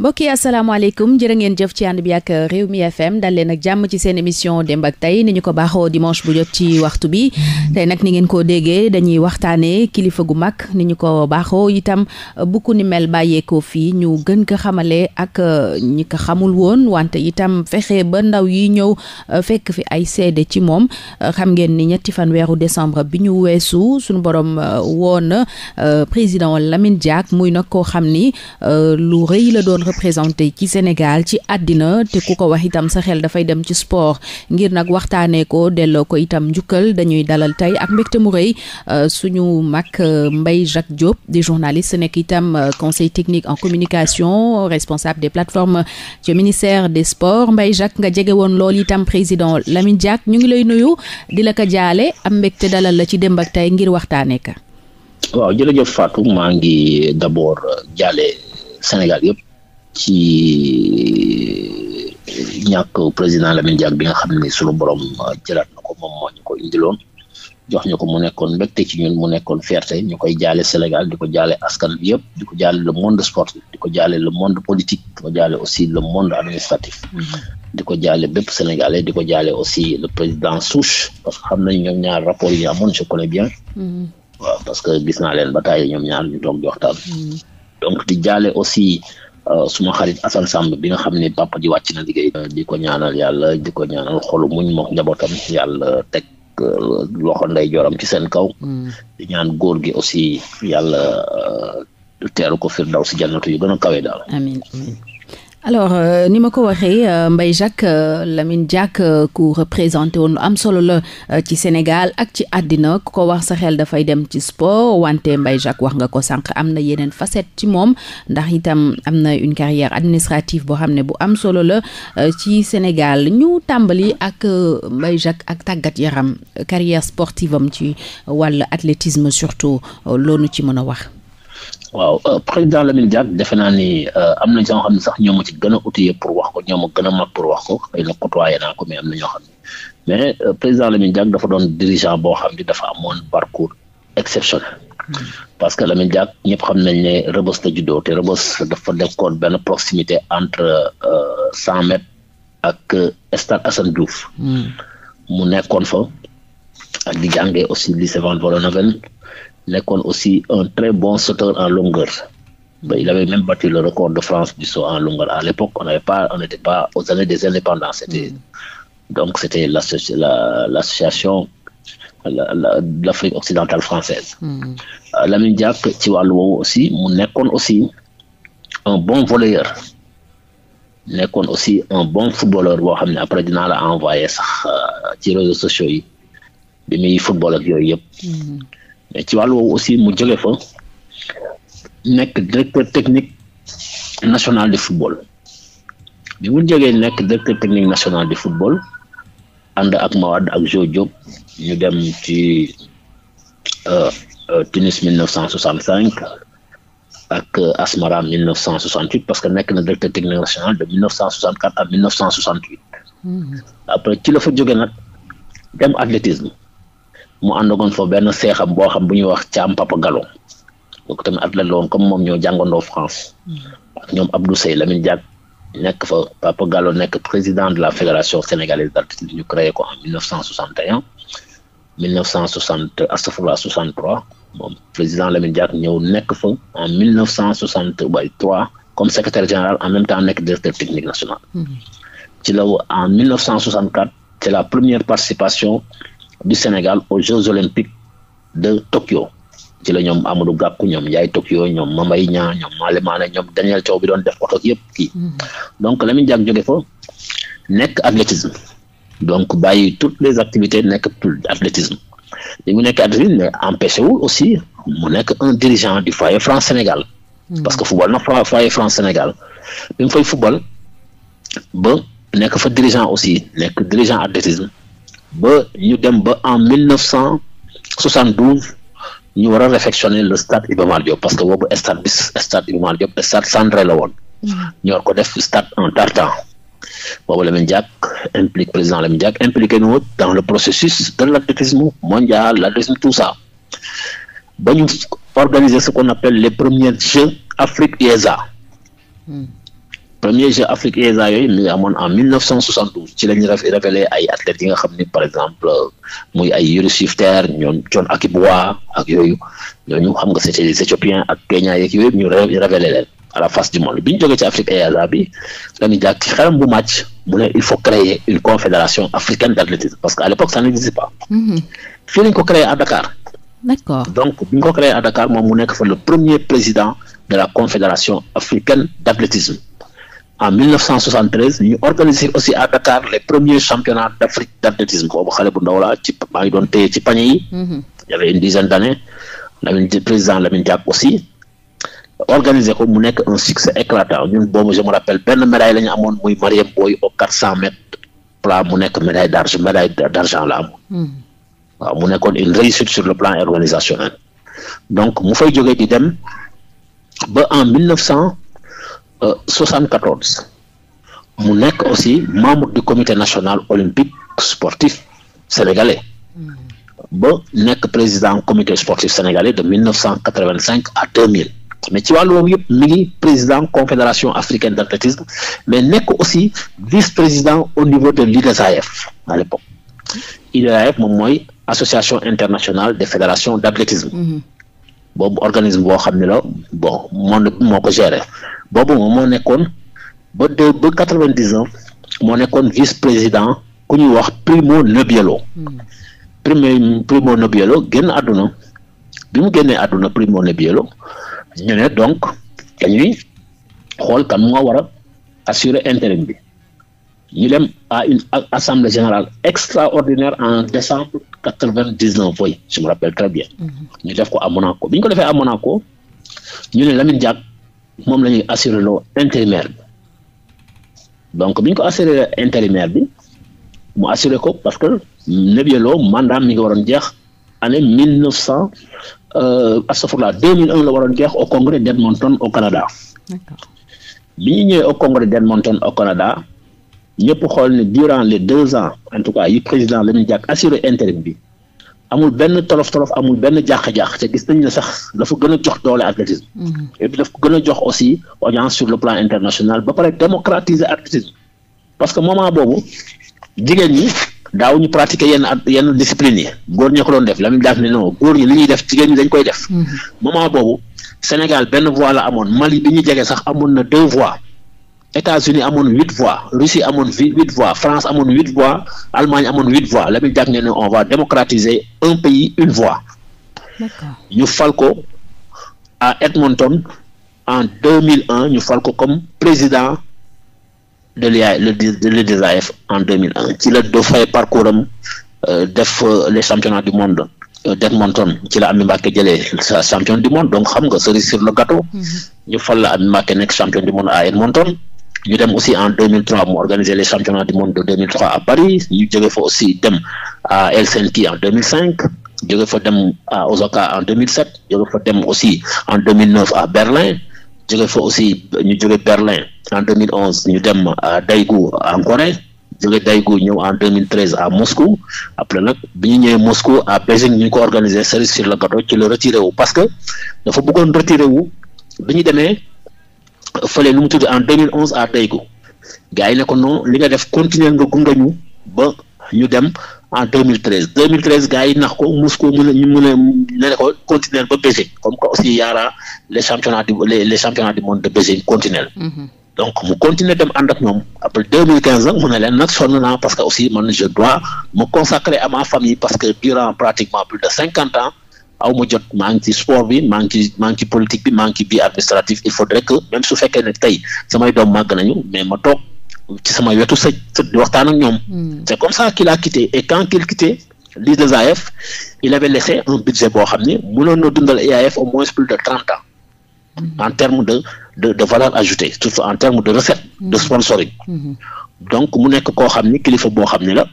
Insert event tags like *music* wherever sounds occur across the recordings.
mbokk yi asalaamaaleykum jërë ngeen jëf ci ànd bi ak réew mi FM dal leen jàmm ci seen émission démb ak tey ni ñu ko baaxoo dimanche bu jot ci waxtu bi tey nag ni ngeen ko déggee dañuy waxtaanee kilifa gu mag ni ñu ko baaxoo itam bu ku ni mel bàyyeekoo fii ñu gën ko xamale ak ñi ko xamul woon wante itam fexe ba ndaw yi ñëw fekk fi ay seede ci moom xam ngeen ni ñetti fan weeru décembre bi ñu weesu suñu borom woon président lamin Diack muy nag koo xam ni lu rëy la doon. représenté ci Sénégal ci àddina te ko wax itam sa xel dafay dem ci sport ngir nag waxtaanee ko delloo ko itam njukkal dañuy dalal tey ak mbégte mu euh, suñu mag euh, Mbaye Jacques Diop di journaliste nekk itam euh, conseil technique en communication responsable des plateforme ci ministère des sports Mbaye Jacques nga jege woon lool itam président Lamine Diack ñu ngi lay nuyu di la ko jaale am mbégte dalal la ci démb ak tey ngir waxtaanee ka waaw jërëjëf ci euh, ñàkk président Lamine Diack bi nga xam ne sunu borom euh, jëlaat na ko moom moo ñu ko indiloon jox ñu ko mu nekkoon mbégte ci ñun mu nekkoon fierté ñu koy jaale Sénégal di ko jaale askan bi yëpp di ko jaale le monde sportif di ko jaale le monde politique di ko jaale aussi le monde administratif. Mm-hmm. di ko jaale bépp Sénégalais di ko jaale aussi le président Souche parce que xam nañ ñoom ñaar rapport yi amoon je connais bien. Mm-hmm. parce que gis naa ñoom ñaar ñu toog di waxtaan. Mm-hmm. Euh, suma xarit Assane Samb bi nga xam ne papa ji wàcc na liggéey. Euh, di ko ñaanal yàlla di ko ñaanal xolu muñ moom njabootam yàlla teg euh, loxo ndey joram ci seen kaw. Mm. di ñaan góor gi aussi yàlla teeru ko firdaw si jannatu yu gën a kawe daal. amiin alors euh, ni ma ko waxee euh, Mbaye Jacques euh, Lamine Diack ku représenté woon lu am solo la ci Sénégal ak ci àddina ku ko wax sa xel dafay dem ci sport wante mbay Jacques wax nga ko sànq am na yeneen facette ci moom ndax itam am na une carrière administrative boo xam ne bu am solo la ci Sénégal ñu tàmbali ak mbay Jacques ak tàggat yaram carrière sportive ci wàll athlétisme surtout loolu ci mën a wax. waaw euh, président Lamine Diack defe naa ni euh, am na ñoo xam ne sax ñoom ma ci gën a outillé pour wax ko ñoom a gën a mag pour wax ko xëy na côtoyé naa ko mais am na ñoo xam ne mais euh, président la Lamine Diack dafa doon dirigeant boo xam ni dafa moon parcours exceptionnel mm-hmm. parce que Lamine Diack ñëpp xam nañ ne Rebeuss la juddoo te Rebeuss dafa nekkoon benn proximité entre cent mètres ak stade Assane Diouf mm. mu nekkoon fa ak di jàngee aussi lycée Van Vollenhoven nekkoon aussi un très bon sauteur en longueur. Bah, il avait même battu le record de France du saut en longueur. À l'époque, on n'avait pas, on n'était pas aux années des indépendances. C'était, mm. donc, c'était l'association de l'Afrique occidentale française. Mm. Euh, Lamine Diack ci wàllu woowu aussi mu nekkoon aussi un bon volleyeur nekkoon aussi un bon footballeur boo xam ne après dinaa la envoyé sax euh, ci réseaux sociaux yi bi muy football ak yooyu yëpp. Mm. mais ci wàllu woowu aussi mu jóge fa nekk directeur technique national de football bi mu jógee nekk directeur technique national de football ànd ak Mawad ak Jo Diop ñu dem ci euh, euh, Tunis 1965 ak euh, Asmara 1968 parce que nekk na directeur technique national de 1964 à 1968 mm-hmm. après ci la fa jóge nag dem athlétisme mu àndagoon fa benn seexam boo xam bu ñuy wax caam papa Gallo kooku tamit athlète la woon comme moom ñoo jàngandoo France mm. ñoom Abdou Sey Lamine Diack nekk fa papa galo nekk président de la fédération sénégalaise d'altitude ñu créé ko en 1961 1960 astafurlah 63 moom président Lamine Diack ñëw nekk fa en 1963 comme secrétaire général en même temps nekk directeur technique national mm. ci la en 1964 c'est la première participation du Sénégal aux Jeux olympiques de Tokyo ci la ñoom u Gakou ñoom Ndiaye Tokyo ñoom Mambay ñaa ñoom ma Mané ñoom Daniel Thiaw bi doon def oto yëpp kii mm-hmm. donc Lamine Diack joge fo nekk athlétisme donc bàyyi toutes les activités nekk athlétisme li mu nekk athlétisme mais empêché aussi mu nekk un dirigeant du foyer France Sénégal. Mm-hmm. parce que football na foyer France Sénégal mi mu fay football ba nekk fa dirigeant aussi nekk dirigeant athlétisme. ba ñu dem ba en mille neuf cent soixante douze ñu a réfectionner le stade Iba parce que boobu stade bis stade Iba Mar Diop stade cendré la woon mm. ñu def stade en tartan boobu Lamine Diack implique président Lamine Diack impliqué nous dans le processus de l'athlétisme mondial l'athlétisme tout ça organiser ce qu'on appelle les premiers Jeux Afrique IESA mm. premier jeu Afrique USA yooyu mi ngi amoon en 1972 ci la ay athlètes yi xam ni par exemple muy ay Yuri Shifter ñoom John Akibwa ak yooyu ñooñu xam nga c'était les Éthiopiens ak Kenya yeeg yooyu la face du monde bi ñu jógee ci Afrique USA bi bu màcc mu ne il faut créer une confédération africaine d'athlétisme parce que à l'époque ça n'existait pas. Mm-hmm. fii lañ ko créé à Dakar. d'accord donc mu nekk fa le premier président de la confédération africaine d'athlétisme. en 1973 ñu organiser aussi à Dakar les premiers championnats d' Afrique d' athlétisme boobu xale bu ndaw laa ci pañe yi. Mhm. président Lamine Diack aussi organiser ko mu nekk un succès éclatant ñun boobu je me rappelle benn médaille la amoon muy Mariam Boy au 400 mètres plat mu nekk médaille d' argent médaille la amoon. Mhm. mu nekkoon une réussite sur le plan organisationnel donc mu fay jógee di dem ba en 74 euh, mu nekk aussi membre du comité national olympique sportif sénégalais ba nekk président comité sportif sénégalais de 1985 à 2000 mais ci wàllu boobu yëpp mi ngi président confédération africaine d'athlétisme mais nekk aussi vice président au niveau de l'IDASAF à l'époque IDASAF moom mooy association internationale des fédérations d'athlétisme mm-hmm. boobu organisme boo xam ne la bon moo ko gérer boobu moom moo nekkoon ba de ba quatre vingt dix moo nekkoon vice président ku ñuy wax Primo Nebiolo hmm. premier Primo Nebiolo génn àdduna bi mu génnee àdduna Primo Nebiolo ñu ne donc dañuy xool kan moo war a assurer intérim bi ñu dem à une assemblée générale extraordinaire en décembre quatre vingt dix neuf je me rappelle très bien hmm. ñu def ko à Monaco bi ñu ko defee à Monaco ñu ne Lamine Diack moom la ñuy assuré loo intérimaire donc bi ko assuré intérimaire bi mu assuré ko parce que Nabia Lo mandat mi ngi waroon jeex année mille neuf cent euh, astafurlah deux mille un la waroon jeex au congrès d'Edmonton au Canada bi ñu ñëwee au congrès d'Edmonton au Canada ñëpp xool ne durant les deux ans en tout cas yi président Lamine Diack assuré intérim bi amul benn tolof tolof amul benn jàq-jàq te gis nañ ne sax dafa gën a jox doole athlétisme. Mm-hmm. et ko gën a jox aussi audience sur le plan international ba pare démocratiser athlétisme parce que moment boobu jigéen ñi daaw ñu pratiquer yenn yenn discipline yi góor ñi ko doon def la muy daaf ne non góor ñi li ñuy def jigéen ñi dañ koy def. Mm-hmm. moment boobu Sénégal benn voix la amoon Mali bi ñu jege sax amoon na deux voix. États-Unis amoon huit voix Russie amoon huit voix France amoon huit voix Allemagne amoon huit voix Lamine Diack nee na on va un pays une voix. ñu fal ko à Edmonton en deux mille un ñu fal ko comme président de l' de l'EDAF en deux mille ci la dafay parcours am euh, def euh, les championnats du monde euh, d'Edmonton ci la Amy Mbacké jële sa champion du monde donc xam nga cerise sur le gâteau. Mhm. ñu fal la Amy Mbacké nekk champion du monde à Edmonton. ñu dem aussi en 2003 mu organiser les championnats du monde de 2003 à Paris ñu jóge fa aussi dem à Helsinki en fa dem à Osaka en 2007 jóge fa dem aussi en 2009 à Berlin jóge fa aussi ñu jóge Berlin en 2011 ñu dem à Daegu en Corée jóge Daegu ñëw en 2013 à Moscou après nag bi ñu ñëwee Moscou à Beijing ñu ko organiser cerise sur le gâteau ci le retiré wu parce que dafa bëggoon retiré wu bi ñu demee. fële lu mu tudd en 2011 à Taïko gars yi ne ko non li nga def continuer nga gunge ñu ba ñu dem en 2013 2013 gars yi nax ko mus ko mën a ñu mën a ne ko continuer ba Beijing comme que aussi yaaraa les championnats du monde de Beijing continuer mhm. donc mu continuer dem ànd ñoom après 2015 nag mu ne leen nag sonn parce que aussi man je dois me consacrer à ma famille parce que durant pratiquement plus de cinquante ans aw ma jot maa ngi ci sport bi maa ngi ci maa ngi politique bi maa ngi ci bi administratif il faudrait que même su fekkee ne tey samay doom màgg nañu mais ma toog ci sama wetu sëj sët waxtaan ak ñoom hmm. c'est comme ça qu'il a quitté et quand qu'il quitté l'IAAF il avait laissé un budget boo xam ne mënoon na dundal IAAF e au moins plus de trente ans hmm. en termes de de de valeur ajoutée surtout en termes de recettes de hmm. sponsoring donc mu nekk koo xam ni kilifa boo xam ne la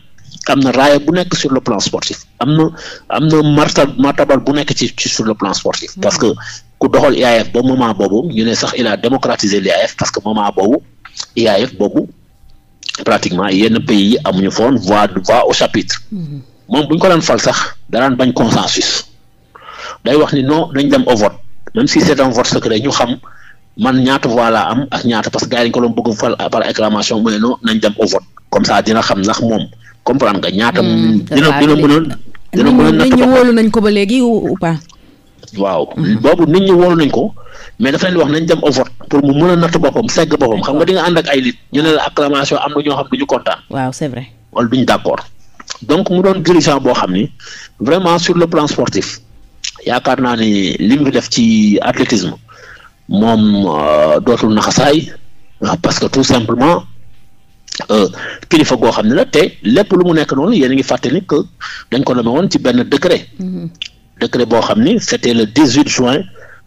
am na raaya bu nekk sur le plan sportif am na am na marta martabal bu nekk ci ci sur le plan sportif hmm. parce que ku doxal IAAF ba moment boobu ñu ne sax il a démocratisé l'IAAF parce que moment boobu IAAF boobu pratiquement yenn pays yi amuñu foon voix voix au chapitre hmm. moom bu ko daan fal sax daraan bañ consensus day wax ni non nañ dem au vote si c'est un vote secret ñu xam man ñaata voix laa am ak ñaata parce que gars yi dañ ko bëgg fal par acclamation mu ne non nañ dem dina xam ndax moom comprendre nga ñaata. Ah, dina dina a. nit ñi wóolu nañ ko ba léegi ou pas. waaw mm-hmm. boobu nit ñi wóolu nañ ko mais dafa leen wax nañ dem au vote pour mu mën a natt boppam segg boppam xam nga di nga ànd ak ay lit ñu ne la acclamation am na ñoo xam du ñu kontaan. waaw c'est mu doon dirigeant boo xam ni vraiment sur le plan sportif yaakaar naa ni li mu fi def ci athlétisme moom euh, dootul naxasaay ah, parce que tout simplement. Euh, kilifa goo xam ne la te lépp lu mu nekk noonu yéen a ngi fàttali que dañ ko nommé woon ci benn décret. Mhm. décret boo xam ni c'était le 18 juin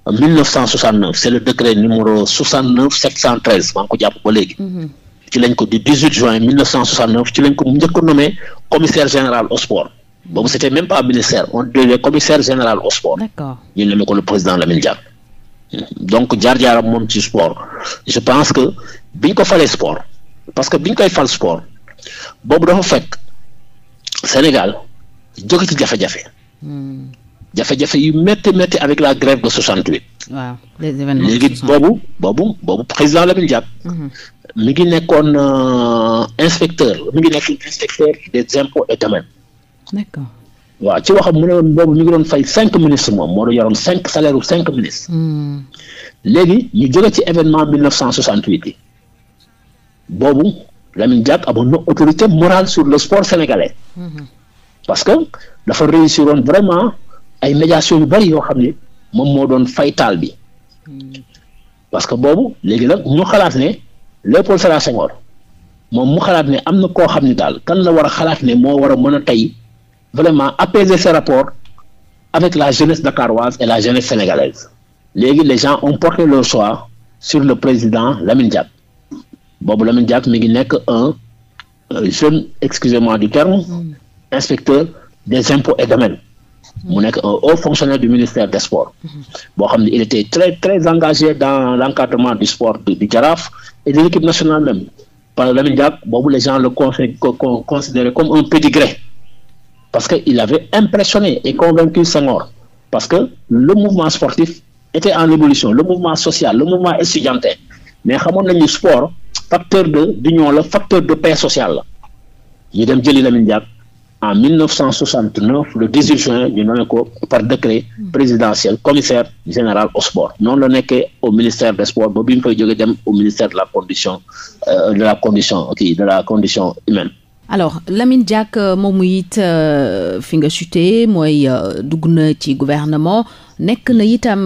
1969 c'est le décret numéro 69 713 maa ngi ko jàpp ba léegi. Mhm. ci lañ ko di 18 juin 1969 ci lañ ko njëkk a nommé commissaire général au sport boobu c'était même pas ministère on devait commissaire général au sport. ñu nommé ko le président Lamine Diack donc jaar-jaaram moom ci sport je pense que biñ ko falee sport. parce que biñ koy fal sport boobu dafa fekk Sénégal jóge ci jafe-jafe. Hmm. jafe-jafe yu métti métti avec la grève de 68. waaw les événements léegi boobu boobu boobu président Lamine Diack. Hmm. mi ngi nekkoon euh, inspecteur mi ngi nekk inspecteur des impôts et domaines. d'accord waaw ci waxam mu ne woon boobu ñu ngi doon fay cinq ministres moom moo doon yoroon cinq salaire yu cinq ministres. Hmm. léegi ñu jóge ci événement 1968 yi. boobu Lamine Diack amoon na autorité morale sur le sport sénégalais mhm. parce que dafa réussir woon vraiment ay médiation yu bari yoo xam ne moom moo doon fay taal bi mhm. parce que boobu léegi nag ñu xalaat ne Léopold Sédar Senghor moom mu xalaat ne am na koo xam ne daal kan la war a xalaat ne moo war a mën a tey vraiment apaiser ce rapport avec la jeunesse dakaroise et la jeunesse sénégalaise léegi les gens ont porté leur choix sur le président Lamine Diack boobu la Diack mi ngi nekk un euh, jeune excusez du terme mm. inspecteur des impôts et domaines mu nekk un haut fonctionnaire du ministère des sports mm-hmm. boo xam ne il était très très engagé dans l'encadrement du sport du Jaraaf et de l'équipe nationale même par Lamine Diack boobu les gens le considéraient comme un pédigré parce que il avait impressionné et convaincu Senghor parce que le mouvement sportif était en évolution le mouvement social le mouvement étudiantin mais xamoon nañu sport facteur de d'union la facteur de paix sociale la ñu dem jëli Lamine Diack en 1969 le 18 juin ñu nommé ko par décret hmm. présidentiel commissaire général au sport noonu la nekkee au ministère des sports ba bi mu fay jógee dem au la condition euh, de la condition kii de la condition humaine alors Lamine euh, moom mu it euh, fi nga chuté mooy euh, dugg na ci gouvernement nekk na itam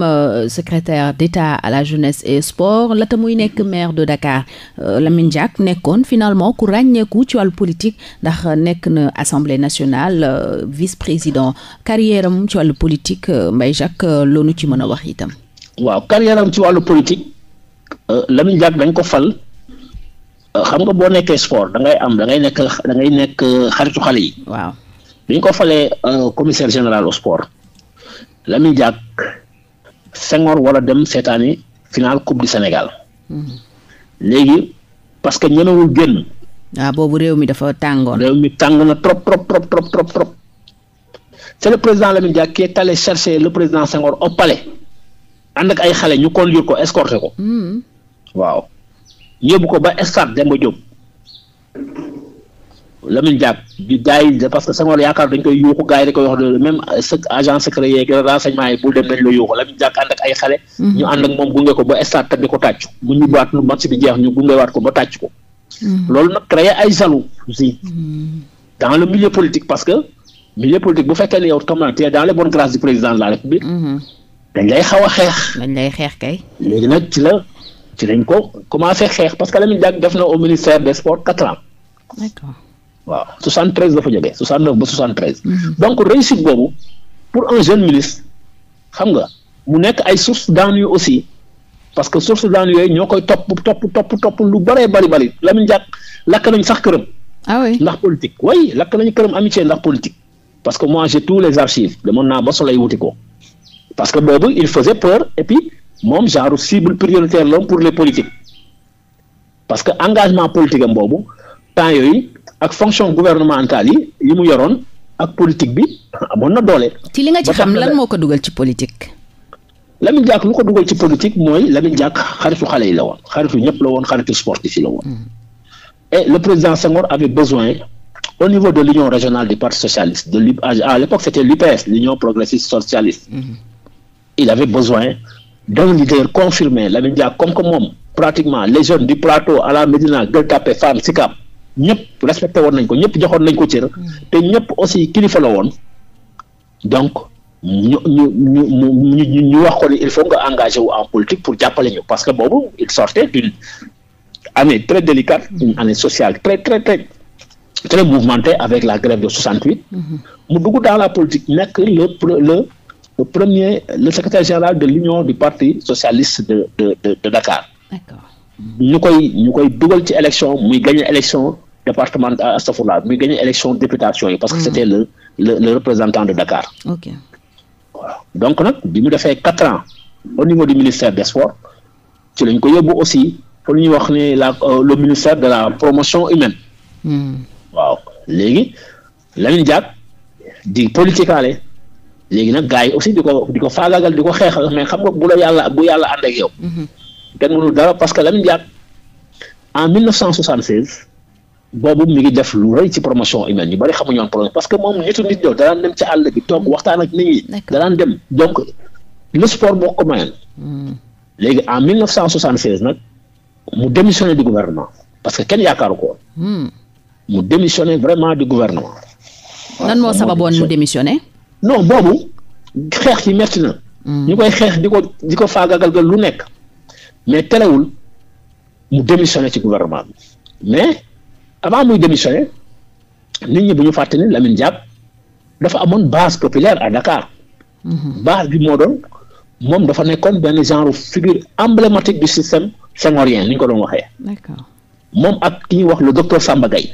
secrétaire d'État à la jeunesse et sport lata muy nekk maire de Dakar Lamine Diack nekkoon finalement ku ràññeeku ci wàllu politique ndax nekk na assemblée nationale vice-président carrière am ci wàllu politique Mbaye Jacques loonu ci mën a wax itam waaw carrière ci wàllu politique Lamine Diack dañ ko fal xam nga boo nekkee sport dangay am da ngay nekk da ngay nekk xaritu xale yi. waaw bi ñu ko falee euh, commissaire général au sport Lamine Diack Senghor war dem seetaani final coupe du Sénégal. Mm-hmm. léegi parce que ñemewul génn. waaw ah, boobu réew mi dafa tàngoon. réew mi tàng na trop trop trop trop trop trop c'est le président Lamine Diack qui tale allé chercher le président Senghor au palais ànd ak ay xale ñu conduire ko escorter ko. Mm-hmm. waaw. yóbbu ko ba stade Demba Diop Lamine Diack di gaay parce que Senghor yaakaar dañ koy yuuxu gars yi dañ koy wax même agent secret yeeg renseignement yi bul dem nañ la yuuxu Lamine Diack ànd ak ay xale. Mhm. ñu ànd ak moom gunge ko ba stade te di ko tàcc. mu ñibbaat nu match bi jeex ñu waat ko ba tàcc ko. Mhm. loolu nag créé ay jaloux aussi. Mhm. dans le milieu politique parce que milieu politique bu fekkee ne yow comme tu es dans les bonnes grâces du président la république. dañ lay xaw a xeex. dañ lay xeex kay. ci lañ ko commencé xeex parce que Lamine Diack def na au ministère des sports quatre ans. d'accord waaw 73 dafa jógee 69 ba 73. Mhm. donc réussite boobu pour un jeune ministre xam nga mu nekk ay sources d'ennuis aussi parce que sources d'ennuis yooyu ñoo koy topp topp topp topp lu bëree bari bari Lamine Diack lakk nañ sax këram. ah oui ndax politique oui lakk nañu këram amitié ndax politique parce que moi j'ai tous les archives demoon naa moom genre cible prioritaire la pour les politiques parce que engagement politique am boobu temps yooyu ak fonction gouvernementale yi li mu yoroon ak politique bi *laughs* amoon na doole. ci li nga ci xam lan moo ko dugal ci politique. Lamine Diack lu ko dugal ci politique mooy Lamine Diack xaritu xale yi la woon xaritu ñëpp la woon xaritu sportif yi la woon. Hmm. et le président Senghor avait besoin au niveau de l'union régionale du parti socialiste de l'UPS à l'époque c'était l'UPS l'union progressiste socialiste. Mm -hmm. il d'un leader confirmé Lamine Diack comme que moom pratiquement les jeunes du plateau à la Médina Gueule Tapée Fann Sicap ñëpp respecté woon nañ ko ñëpp joxoon nañ ko cër te ñëpp aussi kilifa la woon donc ñu ñu ñu ñu ñu wax ko il faut nga engagé wu en politique pour jàppale ñu parce que boobu il sortait d'une année très délicate une année sociale très très très très mouvementée avec la grève de 68 mm-hmm. mu le premier le secrétaire général de l'union du parti socialiste de Dakar. ñu koy ñu koy dugal ci élection muy gagné élection département astafurlah muy gagné élection députation yi. parce que mmh. c'était le le le représentant de Dakar. donc nag bi mu defee quatre ans au niveau du ministère des sports ci lañ ko yóbbu aussi pour ñuy wax ne la euh, le ministère de la promotion humaine. Mm. waaw léegi Lamine Diack di politikaale léegi nag gars yi aussi di ko di ko faagaagal di ko xeexal mais xam nga bu la yàlla bu yàlla ànd ak yow. Mhm. kenn mënul dara parce que Lamine Diack en 1976 boobu mi ngi def lu rëy ci promotion humaine ñu bari xamuñu woon promotion parce que moom nitu nit ñëw danaan dem ci àll bi toog waxtaan ak nit ñi. danaan dem donc le sport moo ko mayoon. Mhm. léegi en nag mu démissionné du gouvernement parce que kenn yaakaaru ko woon. Mhm. mu démissionné vraiment du gouvernement. lan moo sababoon mu démissionné. non boobu xeex ci metti na. Hmm. ñu koy xeex di ko di ko faagagal lu nekk mais telewul mu démissionné ci gouvernement mais avant muy démissionné nit ñi bu ñu fàtte ni jàpp dafa amoon base populaire à Dakar. Hmm. base bi moo doon moom dafa nekkoon benn genre figure emblématique du système senghorien ni ñu ko doon waxee. moom ak ki ñuy wax lu docteur Samba Gaye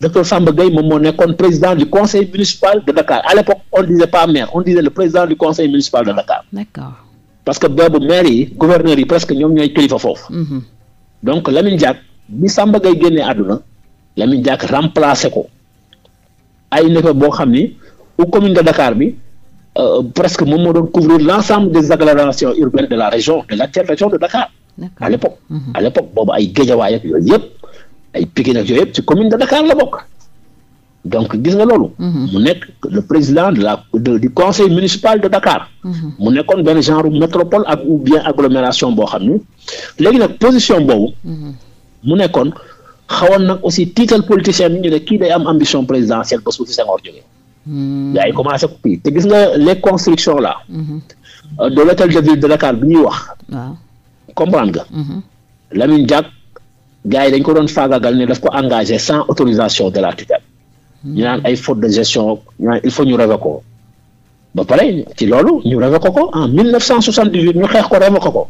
docteur Samba Gueye moom moo nekkoon président du conseil municipal de Dakar à l'époque on disait pas maire on disait le président du conseil municipal de Dakar. Ah, parce que boobu maire yi gouverneur yi presque ñoom ñooy kilifa foofu. Mhm. donc Lamine Diack bi Samba Gueye génnee àdduna Lamine Diack remplacé ko ay nefa boo xam ni au commune de Dakar bi euh, presque moom moo doon couvrir l'ensemble des agglomérations urbaines de la région de la région de Dakar. à l'époque mhm. à l'époque boobu ay géejawaay yooyu yëpp. ay Pikine ak yooyu yëpp ci commune de Dakar la bokk donc gis nga loolu. Mhm. mu nekk le président de la de, du conseil municipal de Dakar. Mhm. mu nekkoon benn genre métropole ak ou bien agglomération boo xam ni léegi nag position boobu. Mhm. mu nekkoon xawoon nag aussi tiital politicien bi ñu kii day am ambition présidentielle ba su fi Senghor jógee. yaa ngi te gis nga les constructions là. Euh, de l'hôtel de ville de Dakar bu ñuy wax. comprendre nga. Lamine Diack gars yi dañ ko doon faagagal ne daf ko engagé sans autorisation de la tutelle. Hmm. ñu naan ay faute de gestion ñu il faut ñu révoquer ko ba pare ci loolu ñu révoquer ko en 1978 ñu xeex ko révoquer ko.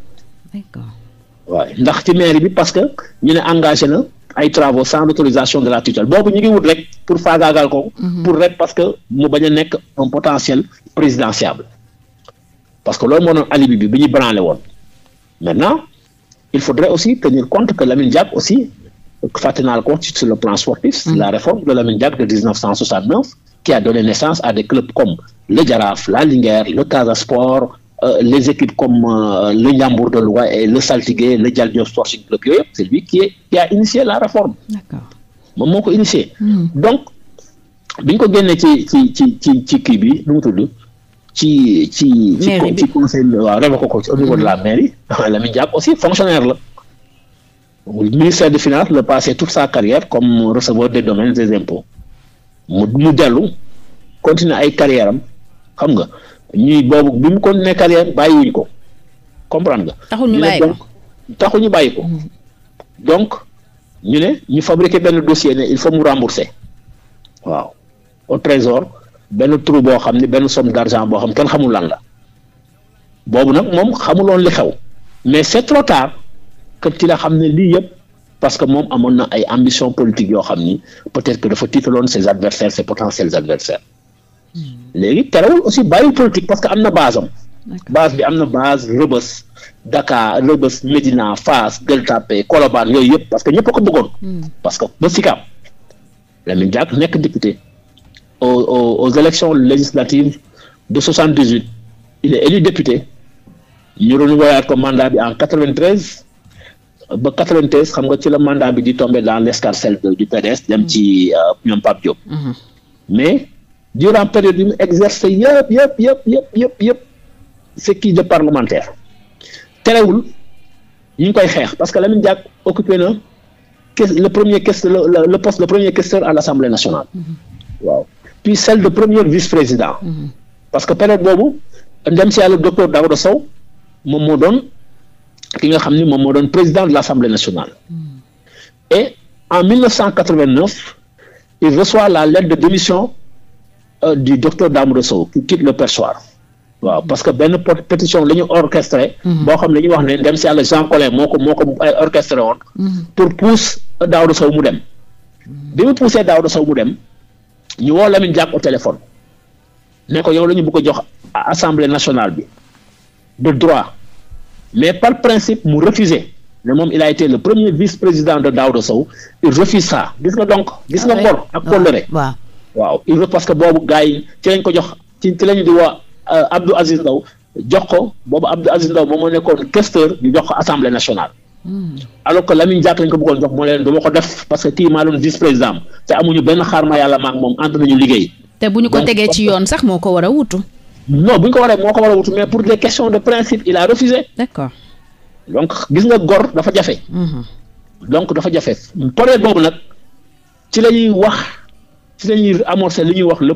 d'accord ndax ci mairie bi parce que ñu ne engagé na ay travaux sans autorisation de la tutelle boobu ñu ngi wut rek pour faagaagal ko. Hmm. pour rek parce que mu bañ a nekk un potentiel présidentiable parce que loolu moo doon alibi bi bu ñu branlé woon maintenant. il faudrait aussi tenir compte que Lamine Diack aussi Fatinal compte sur le plan sportif mmh. la réforme de Lamine Diack de qui a donné naissance à des clubs comme le Jaraaf la Linguère le Casa Sport euh, les équipes comme euh, le Ndiambour de Louga et le Saltigué le Diamniadio Sporting Club c'est lui qui a initié la réforme moom moo ko initié mmh. donc biñ ko génnee ci ci ci ci ci kii bi nu mu ci ci ci conseil waaw reba ko ko au niveau de la mhm. mairie Lamine Diack aussi fonctionnaire la ministère de finance le passé tout sa carrière comme receveur des domaines des impôts mu mu dellu continuer ay carrière am xam nga ñuy boobu bi mu continuer carrière bàyyiwuñ ko comprendre nga. taxul ñu bàyyi ko ñu bàyyi ko mhm. donc ñu ne ñu fabriquer benn dossier ne il faut mu rembourser waaw au trésor benn trou boo xam ni benn somme d'argent boo xam kenn xamul lan la boobu nag moom xamuloon li xew mais c'est trop tard que ci la xam ne lii yëpp parce que moom amoon na ay ambition politique yoo xam ni peut-être que dafa tiitaloon ses adversaires ses potentiels adversaires hmm. léegi terewul aussi bàyyi politique parce que am na base am bi am na base Rebeuss Dakar Rebeuss Médina Fass Gueule Tapée Colobane yooyu yëpp parce que ñëpp a ko bëggoon hmm. parce que ba Sicap Lamine Diack nekk député aux, aux, aux élections législatives de 78 il est élu député ñu renouveler ko mandat bi en 93 ba 93 xam nga ci la mandat bi di tombé dans l'escarcelle du PDS dem ci euh, ñoom Pape mm-hmm. mais durant période bi mu exerce yëpp yëpp yëpp yëpp yëpp qui de parlementaire terewul ñu ngi koy xeex parce que Lamine Diack occupé na le premier le, le, le poste le premier questeur à l'Assemblée nationale mm-hmm. puis celle de premier vice-président. Mhm. parce que période boobu dem si yàlla docteur Daouda Sow moom moo doon ki nga xam ni moom moo doon président de l' assemblée nationale. Mmh. et en 1989 il reçoit la lettre de démission euh, du docteur Daouda Sow qui quitte le perchoir. waaw parce que benn pétition la ñu orchestré. Mhm. boo xam ne dañuy wax ne dem si yàlla Jean Collin moo ko moo ko euh, mhm. pour pousse Daouda Sow mu dem. bi mu poussé Daouda Sow mu dem. ñu woo Lamine Diack au téléphone ne ko yow la ñu bëgg a jox assemblée nationale bi de droit mais par principe mu refusé ne moom il a été le premier vice-président de Daouda Sow il refuse ça gis nga donc. gis nga ah mbor ak ah, kóllëre. waaw waaw il veut parce que boobu gars yi ci lañ ko jox ci ci lañu di woo euh, Abdou Aziz Ndaw jox ko boobu Abdou Aziz Ndaw moom moo nekkoon questeur ñu jox ko assemblée nationale. alors que Lamine Diack lañ ko bëggoon jox moo leen dama ko def parce que kii maa doon vice président te amuñu benn xaar ma yàlla maak moom ànd nañu liggéey. te bu ñu ko tegee ci yoon sax moo ko war a wutu. non bu ñu ko war a wutu mais pour des questions de principe il a refusé. donc gis nga gor dafa jafe. Mhm. donc dafa jafe la ñuy wax ci la ñuy wax le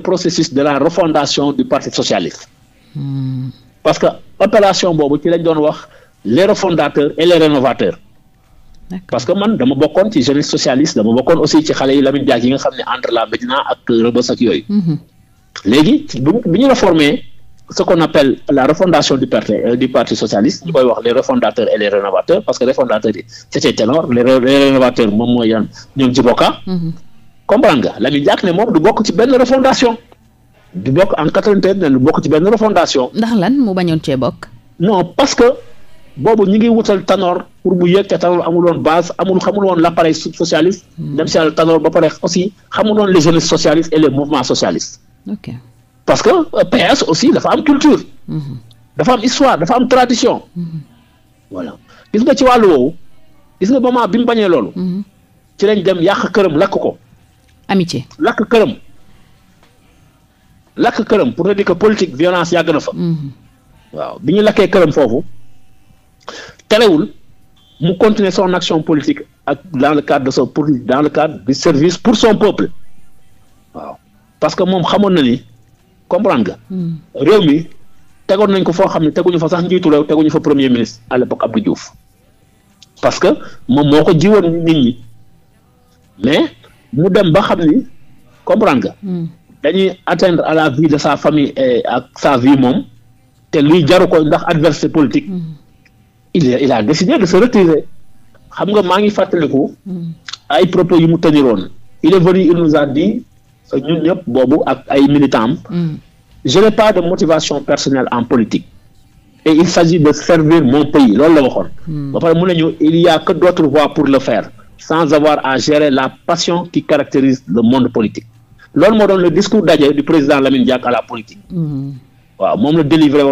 de la refondation du parti socialiste. Mhm. parce que opération boobu ci lañ doon wax. les refondateurs et les rénovateurs. parce que man dama bokkoon ci jeunesse socialiste dama bokkoon aussi ci xale yi Lamine Diack yi nga xam ne entre la Médina ak Rebeuss ak yooyu. Mhm. léegi bi ñu réformé ce qu'on appelle la refondation du parti euh, du parti socialiste ñu koy wax les refondateurs et les rénovateurs parce que refondateurs yi c'était Tanor les rénovateurs moom mooy yan ñoom ci bokka mhm. comprendre nga Lamine Diack ne moom du bokk ci benn refondation du bokk en quatre-vingt-un du bokk ci benn refondation. ndax lan mu bañoon boobu ñu ngi wutal Tanor pour mu yëg te Tanor amul woon base amul xamul woon l' appareil socialiste. dem hmm. si àll Tanor ba pare aussi xamul woon les jeunes socialistes et les mouvements socialistes. parce que euh, PS aussi dafa am culture. Hmm. dafa am histoire dafa am tradition. Hmm. voilà gis nga ci wàllu woowu gis nga moment bi mu bañee loolu. ci lañ dem yàq këram lakk ko. amitié lakk këram. lakk këram pour ne dire que politique violence yàgg na fa. waaw bi ñu lakkee këram foofu. terewul mu continuer son action politique ak dans le cadre de so pour dans le cadre du service pour son peuple parce que moom xamoon na ni comprendre nga. Hmm. réew mi tegoon nañ ko foo xam ne teguñu fa sax njiitu réew teguñu fa premier ministre à l'époque Abdou Diouf parce que moom moo ko jiwoon nit ñi mais mu dem ba xam ni comprendre nga. Hmm. dañuy atteindre à la vie de sa famille et ak sa vie moom te luy jaru ko ndax adversité politique. Hmm. il a il a décidé de se retirer xam nga maa ngi fàttaliku. Hmm. ay propos yu mu tëniroon. il est venu il nous a dit ñun ñëpp boobu ak ay militants am. Hmm. je n'ai pas de motivation personnelle en politique. et il s'agit de servir mon pays loolu la waxoon. Hmm. ba pare mu ne ñu il y a que d'autres voies pour le faire. sans avoir à gérer la passion qui caractérise le monde politique. loolu moo doon le discours daje du président Lamine Diack à la politique. waaw moom la délivré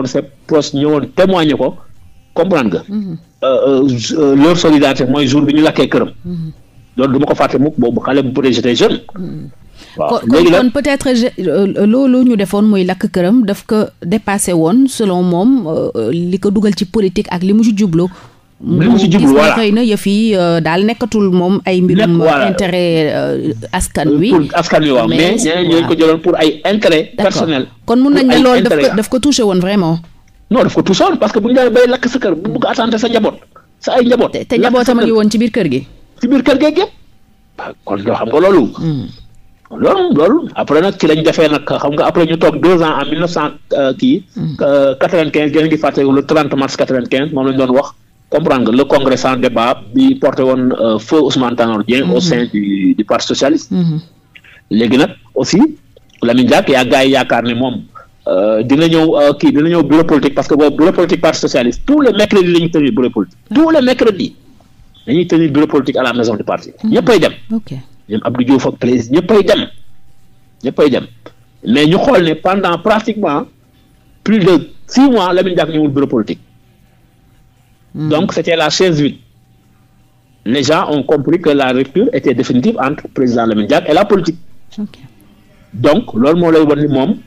comprendre nga. Mhm. Euh, euh, euh, leur solidarité mooy jour bi ñu lakkee këram. Mhm. loolu du ma ko fàtte mukk boobu xale bu peut-être j'étais jeune. Mhm. waaw léegi kon loolu ñu defoon muy lakk këram daf ko dépassé woon selon moom li ko dugal ci politique ak li mu ci jublu. li mu ci jublu voilà xëy na yëf yi daal nekkatul moom ay mbirum intérêt askan wi. askan wi waaw mais ñooñu ko jëloon pour ay intérêt personnel. kon mun nañ ne daf ko daf ko touché woon vraiment. non daf ko tuusoon parce que bu ñu demee bay lakk sa bugg attenter sa njaboot sa ay njaboot. te njabootam a ngi woon ci kër gi. ci kër gi kon yoo xam nga loolu. Hmm. loolu loolu après nag ci lañ defee nag xam nga après ñu toog deux ans en mille neuf cent euh, kii. Hmm. Euh, quatre vingt quinze yéen ngi fàttaliku le trente mars quatre vingt quinze moom lañ doon wax. comprendre nga le congrès sans débat bi porté woon euh, feu Ousmane Tanor au hmm. sein du du socialiste. léegi nag aussi Lamine Diack yaakaar ne moom. Euh, dina ñëw euh, kii dina ñëw bureau politique parce que boobu bureau politique parti socialiste tous les mercredis la ñuy tenir bureau politique tous les mercredis la ñuy tenir bureau politique à la maison du parti. Hmm. ñëppay dem. ok ñoom Abdou Diouf ak dem mais ñu xool ne pendant pratiquement plus de six mois Lamine Diack ñëwul bureau politique. Hmm. donc c' la chaise vide. les gens ont compris que la rupture était définitive entre président Lamine Diack et la politique. donc loolu moo lay wan moom.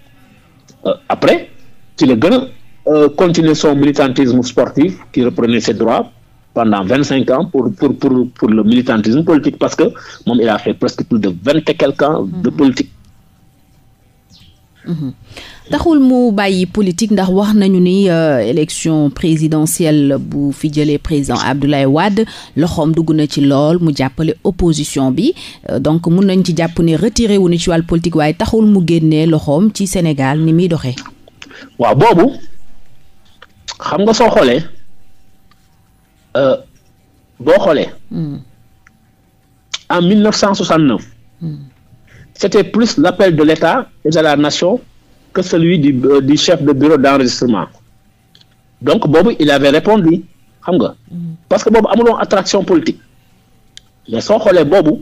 Euh, après ci la gën a euh, continuer son militantisme sportif qui reprenait ses droits pendant vingt cinq ans pour pour pour pour le militantisme politique parce que moom il a fait presque plus de vingt et quelques ans de mhm. politique. Mhm. taxul mu bàyyi politique ndax wax nañu ni euh, élection présidentielle bu fi jëlee président Abdoulaye Wade loxoom dugg na ci lool mu jàppale opposition bi euh, donc mun nañ ci jàpp ni retiré wu ni ci politique waaye taxul mu génnee loxoom ci Sénégal ni muy doxee. waaw boobu xam nga soo xoolee euh, boo xoolee. Hmm. en 1969. Hmm. c'était plus l'appel de l'État et de la nation. que celui du, euh, du chef de bureau d'enregistrement donc boobu il avait répondu xam nga parce que boobu amuloon attraction politique mais soo xoolee boobu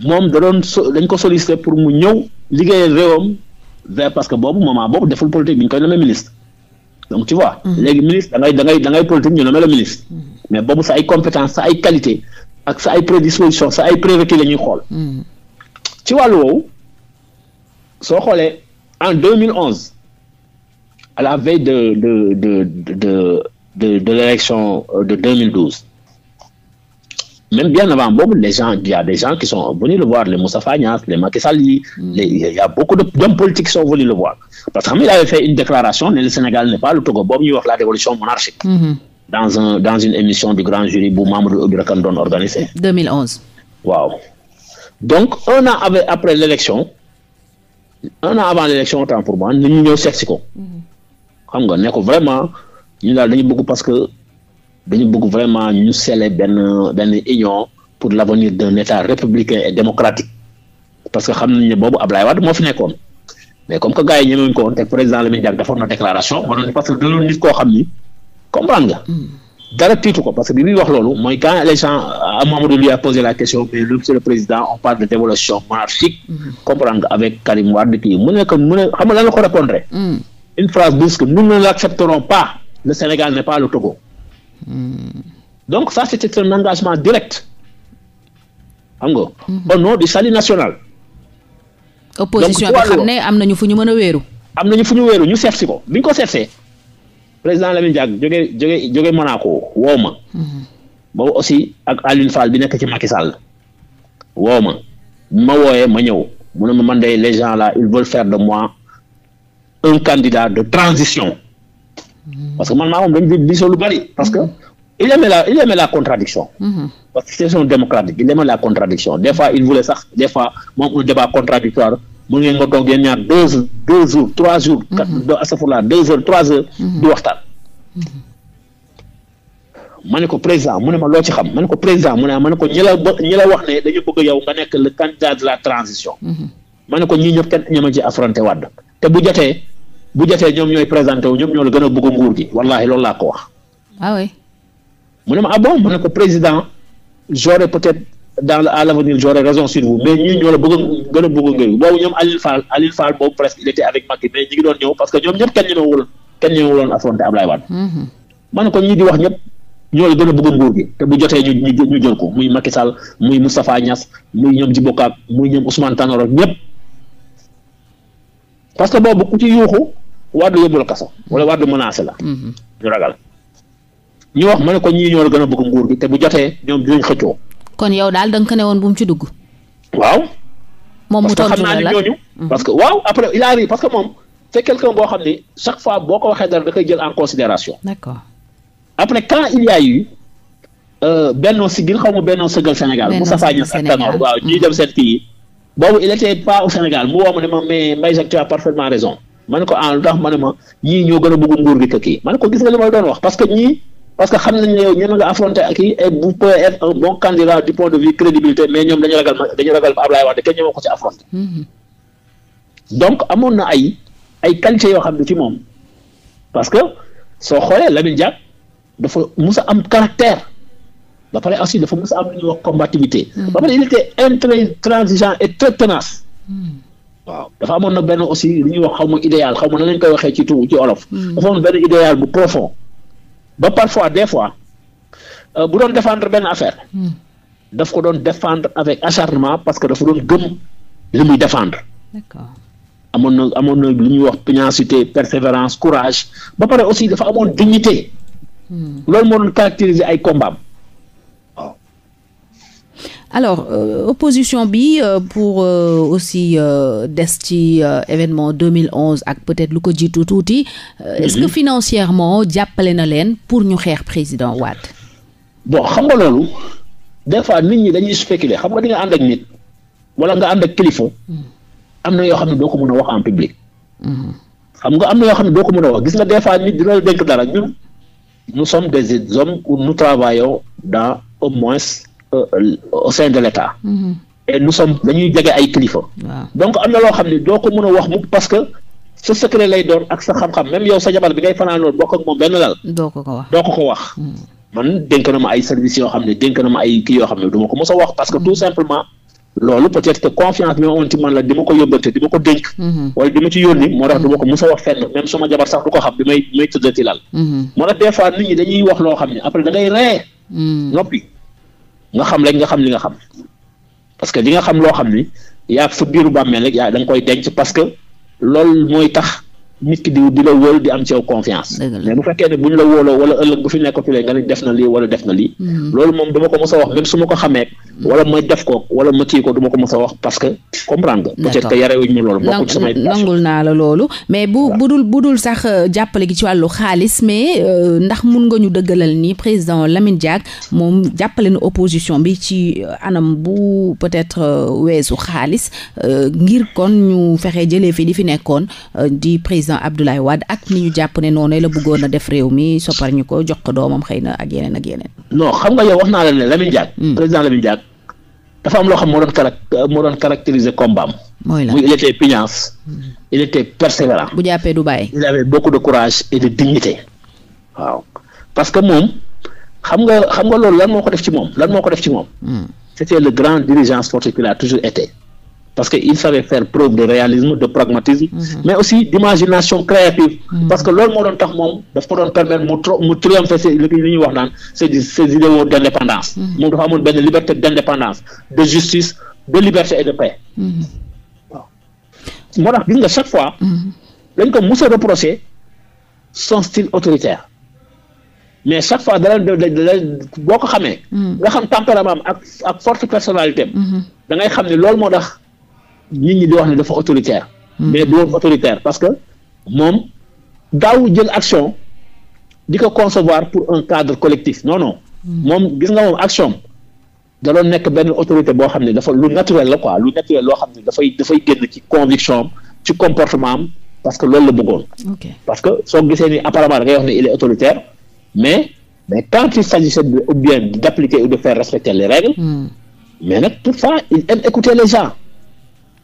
moom da doon so dañ ko solliciter pour mu ñëw liggéeyee réewam vers parce que boobu moment boobu deful politique bi ñu koy nommé ministre donc tu vois. Mm-hmm. léegi ministre da ngay da ngay da ngay politique ñu nommé le ministre. Mm-hmm. mais boobu sa ay compétence sa ay qualité ak sa ay prédisposition sa ay prérequis la ñuy xool. ci wàllu woowu soo xoolee en 2011 à la veille de de de de de, de l'élection euh, de 2012 même bien avant boobu les gens a des gens qui sont venus le voir les Moustapha Niasse les Macky Sall mm. a beaucoup d'hommes politiques qui sont venus le voir parce que xam nga il avait fait une déclaration ne le Sénégal n'est pas le Togo boobu ñuy wax la révolution monarchique mm -hmm. dans une émission du grand jury bu Mamadou Ibra Kane doon organisé 2011 waaw donc un an après l'élection un an avant l' élection autant pour moi nit ñi ñëw seet si ko. xam nga ne ko vraiment ñu daal dañu bëgg parce que dañu bëgg vraiment ñu sceller benn benn union pour l' avenir d'un état républicain et démocratique parce que xam nañ ne boobu Ablaye Wade moo fi nekkoon mais comme que gars yi ñemewuñ ko te président Lamine Diack defoon na déclaration ma doon parce que daloon nit koo xam ni comprendre nga. Mm. dara tiitu ko parce que bi muy wax loolu mooy quand les a Mamadou euh, lui a posé la question mais le monsieur le président on parle de dévolution monarchique mm-hmm. comprendre nga avec Karim Wade kii mu ne que mu ne xam nga lan ko répondre mm. une phrase brusque nous ne l'accepterons pas le Sénégal n'est pas le Togo mm. donc ça c'était un engagement direct xam nga mm-hmm. au nom du salut national opposition bi xam ne am nañu fu ñu mën a wéeru am nañu fu ñu wéeru ñu seet si ko bi ñu ko seetsee président Lamine Diack jóge jóge jóge Monaco ma mm-hmm. boobu aussi ak Alioune Fall bi nekk ci Macky Sall woo ma ma wooyee ma ñëw mu ne ma man de les gens là ils veulent faire de moi un candidat de transition mm-hmm. parce que man maa moom dañu di diisoo lu bari parce que mm-hmm. il aimait la il aimait la contradiction parce que c'est un démocratique il aimait la contradiction des il voulait sax des moom un débat contradictoire mun ngeen nga toog yéen ñaar deux deux jours trois jours. quatre mm-hmm. deux astafurlah deux heures trois heures. Mm-hmm. di waxtaan. Mm-hmm. ma ne ko président mu ne ma loo ci xam ma ko président mu ne ma ne ko ñi la ñi la wax ne dañu bëgg yow nga nekk le candidat de la transition. ma ne ko ñii ñëpp kenn ñama ci affronté Wade te bu jotee bu jotee ñoom ñooy présenté wu ñoom ñoo la gën a bëgg nguur gi wallaahi loolu laa ko wax. ah oui. mu ne ma ah bon ne ko président j'aurais peut-être dans le à l'avenir raison sur mais ñii ñoo bëgg a gën boobu ñoom Alioune Fall Alioune Fall boobu presque il était avec Macky mais ñi doon ñëw parce que ñoom ñëpp kenn ñu newul kenn ñu newuloon affronté Ablaye Wade mhm. man kon ñii di wax ñëpp ñoo la gën a bëgg nguur gi te bu jotee ñu ñu jël ko muy Macky Sall muy Moustapha Niass muy ñoom Djibo Ka muy ñoom Ousmane Tanor Dieng ñëpp parce que boobu ku ci yuuxu Wade yóbbu la kaso wala Wade menacé la mhm. ñu ragal ñu wax ma ne ko ñii ñoo la gën a te bu jotee ñoom dinañ xëccoo kon yow daal da nga ko ne woon bu mu ci dugg. waaw. moom mu tontu la ñooñu. Mm-hmm. parce que waaw après il arrive parce que moom c'est quelqu'un boo xam ne chaque fois boo ko waxee dara da koy jël en considération d'accord après quand il y a eu euh, Benno Siggil xaw ma Benno Sëggal Sénégal Moustapha Niasse ak Tanor waaw ñuy mm-hmm. dem seen kii boobu il était pas au Sénégal mu woo ne ma mais mbay Jacques tu as parfaitement raison ma ko ah lu tax ma ne ma ñii ñoo gën a bëgg nguur gi que kii parce que xam nañ ne yow ñoom nga affronté ak kii et vous candidat du point de vue crédibilité mais ñoom dañu ragal dañu ragal Ablaye Wade kenn ñoo ko ci affronté. Mm-hmm. donc amoon na ay ay qualité yoo xam ne ci moom parce que soo xoolee Lamine Diack dafa mus a am caractère ba pare aussi dafa mus a am lu ñuy wax combativité. Mm-hmm. ba pare il et très tenace. Mm-hmm. waaw dafa amoon na benn aussi lu ñu wax xaw ma idéal xaw ma na lañ koy waxee ci tu ci olof. dafa ba parfois des fois euh, bu doon défendre benn affaire. Hmm. daf ko doon défendre avec acharnement parce que dafa doon gëm li muy défendre. amoon na amoon na lu ñuy wax pugnacité persévérance courage ba pare aussi dafa amoon dignité. Hmm. loolu moo doon caractériser ay combat alors euh, opposition bi euh, pour euh, aussi euh, des ci euh, événement 2011 ak peut-être lu ko jiitu tuuti. est-ce que mhm. financièrement jàppale na leen pour ñu xeex président Wade. bon xam nga loolu des fois nit ñi dañuy spéculer xam nga di nga ànd ak nit wala nga ànd ak kilifa. Mm. am na yoo xam ne doo ko mën a wax en public. Mm-hmm. xam nga am na yoo xam ne doo ko mën a wax gis nga des fois nit dina la dénk dara ñun nous sommes des hommes où nous travaillons dans au moins. Euh, au sein de l'État. Mm-hmm. et nous sommes dañuy jege ay kilifa. donc am na loo xam ne doo ko mën a wax mukk parce que sa secret lay doon ak sa xam-xam même yow sa jabar bi ngay fanaanoon bokk ak moom benn lal. doo ko ko wax mm-hmm. man dénk na ma ay services yoo xam ne dénk na ma ay kii yoo xam ne du ma ko mos a wax parce que mm-hmm. tout ma woon ci man la di ma ko yóbbante di ma ko dénk. wala di ma ci yónni moo tax du ma ko mos a wax fenn même suma jabar sax du ko xam bi may tëddati lal. moo tax des fois nit ñi dañuy wax loo xam ne après da ree noppi. nga xam rek nga xam li nga xam parce que li nga xam loo xam ni yaa sa biiru bàmmeel rek yaa danga koy denc parce que loolu mooy tax nit ki di di la wóol di am ci yow confiance. mais bu fekkee ne bu ñu la wóoloo wala ëllëg bu fi nekkatulee nga ne def na lii wala def na lii. Mm-hmm. loolu moom dama ko mës wax même su ma ko xamee. Mm-hmm. wala ma def ko wala ma kii ko du ma ko mës a wax parce que comprendre nga. peut-être que yarewuñ ma loolu. bokkul samay nangul la loolu. mais bu budul budul sax euh, jàppale gi ci wàllu xaalis mais euh, ndax mun nga ñu dëggalal nii président Lamine Diack moom jàppale na opposition bi ci euh, anam bu peut-être weesu xaalis ngir kon ñu fexe jëlee fi di fi nekkoon di président Abdoulaye Wade ak ni ñu jàpp ne noonu la bëggoon a def réew mi soppar ñu ko jox ko doomam xëy na ak yeneen ak yeneen. non xam nga yow wax naa la ne Lamine Diack. Hmm. président Lamine Diack dafa am loo xam moo doon carac moo doon caractériser combat am. mooy la il était pugnace. il était bu jàppee du bàyyi. il avait beaucoup de courage et de dignité. waaw parce que moom xam nga xam nga loolu lan moo ko def ci moom lan moo ko def ci moom. Hmm. c'était le grand dirigeant sportif qu'il a toujours été. parce que il fallait faire preuve de réalisme de pragmatisme mhm. mais aussi d'imagination créative mhm. Mhm. parce que lool moo doon tax moom daf ko ñuy wax naan c'est ces idéaux d'indépendance moom dafa amoon benn liberté d'indépendance de justice de liberté et de paix moo tax gis chaque fois dañ ko mus reprocher son style autoritaire mais chaque fois da leen boo ko xamee nga xam tempérament ak forte personnalité am xam ne loolu moo tax nit ñi di wax ne dafa autoritaire. Hmm. mais du woon autoritaire parce que moom daaw jël action di ko concevoir pour un cadre collectif non non. Hmm. moom gis nga moom action da nekk benn autorité boo xam ne dafa lu naturel la quoi lu naturel loo xam ne dafay dafay génn ci conviction ci comportement am parce que loolu la bëggoon. parce que soo gisee ni apparemment da ngay wax ne il est autoritaire mais mais quand il s'agissait de ou bien d'appliquer ou de faire respecter hmm. mais nag toutefois il aime écouter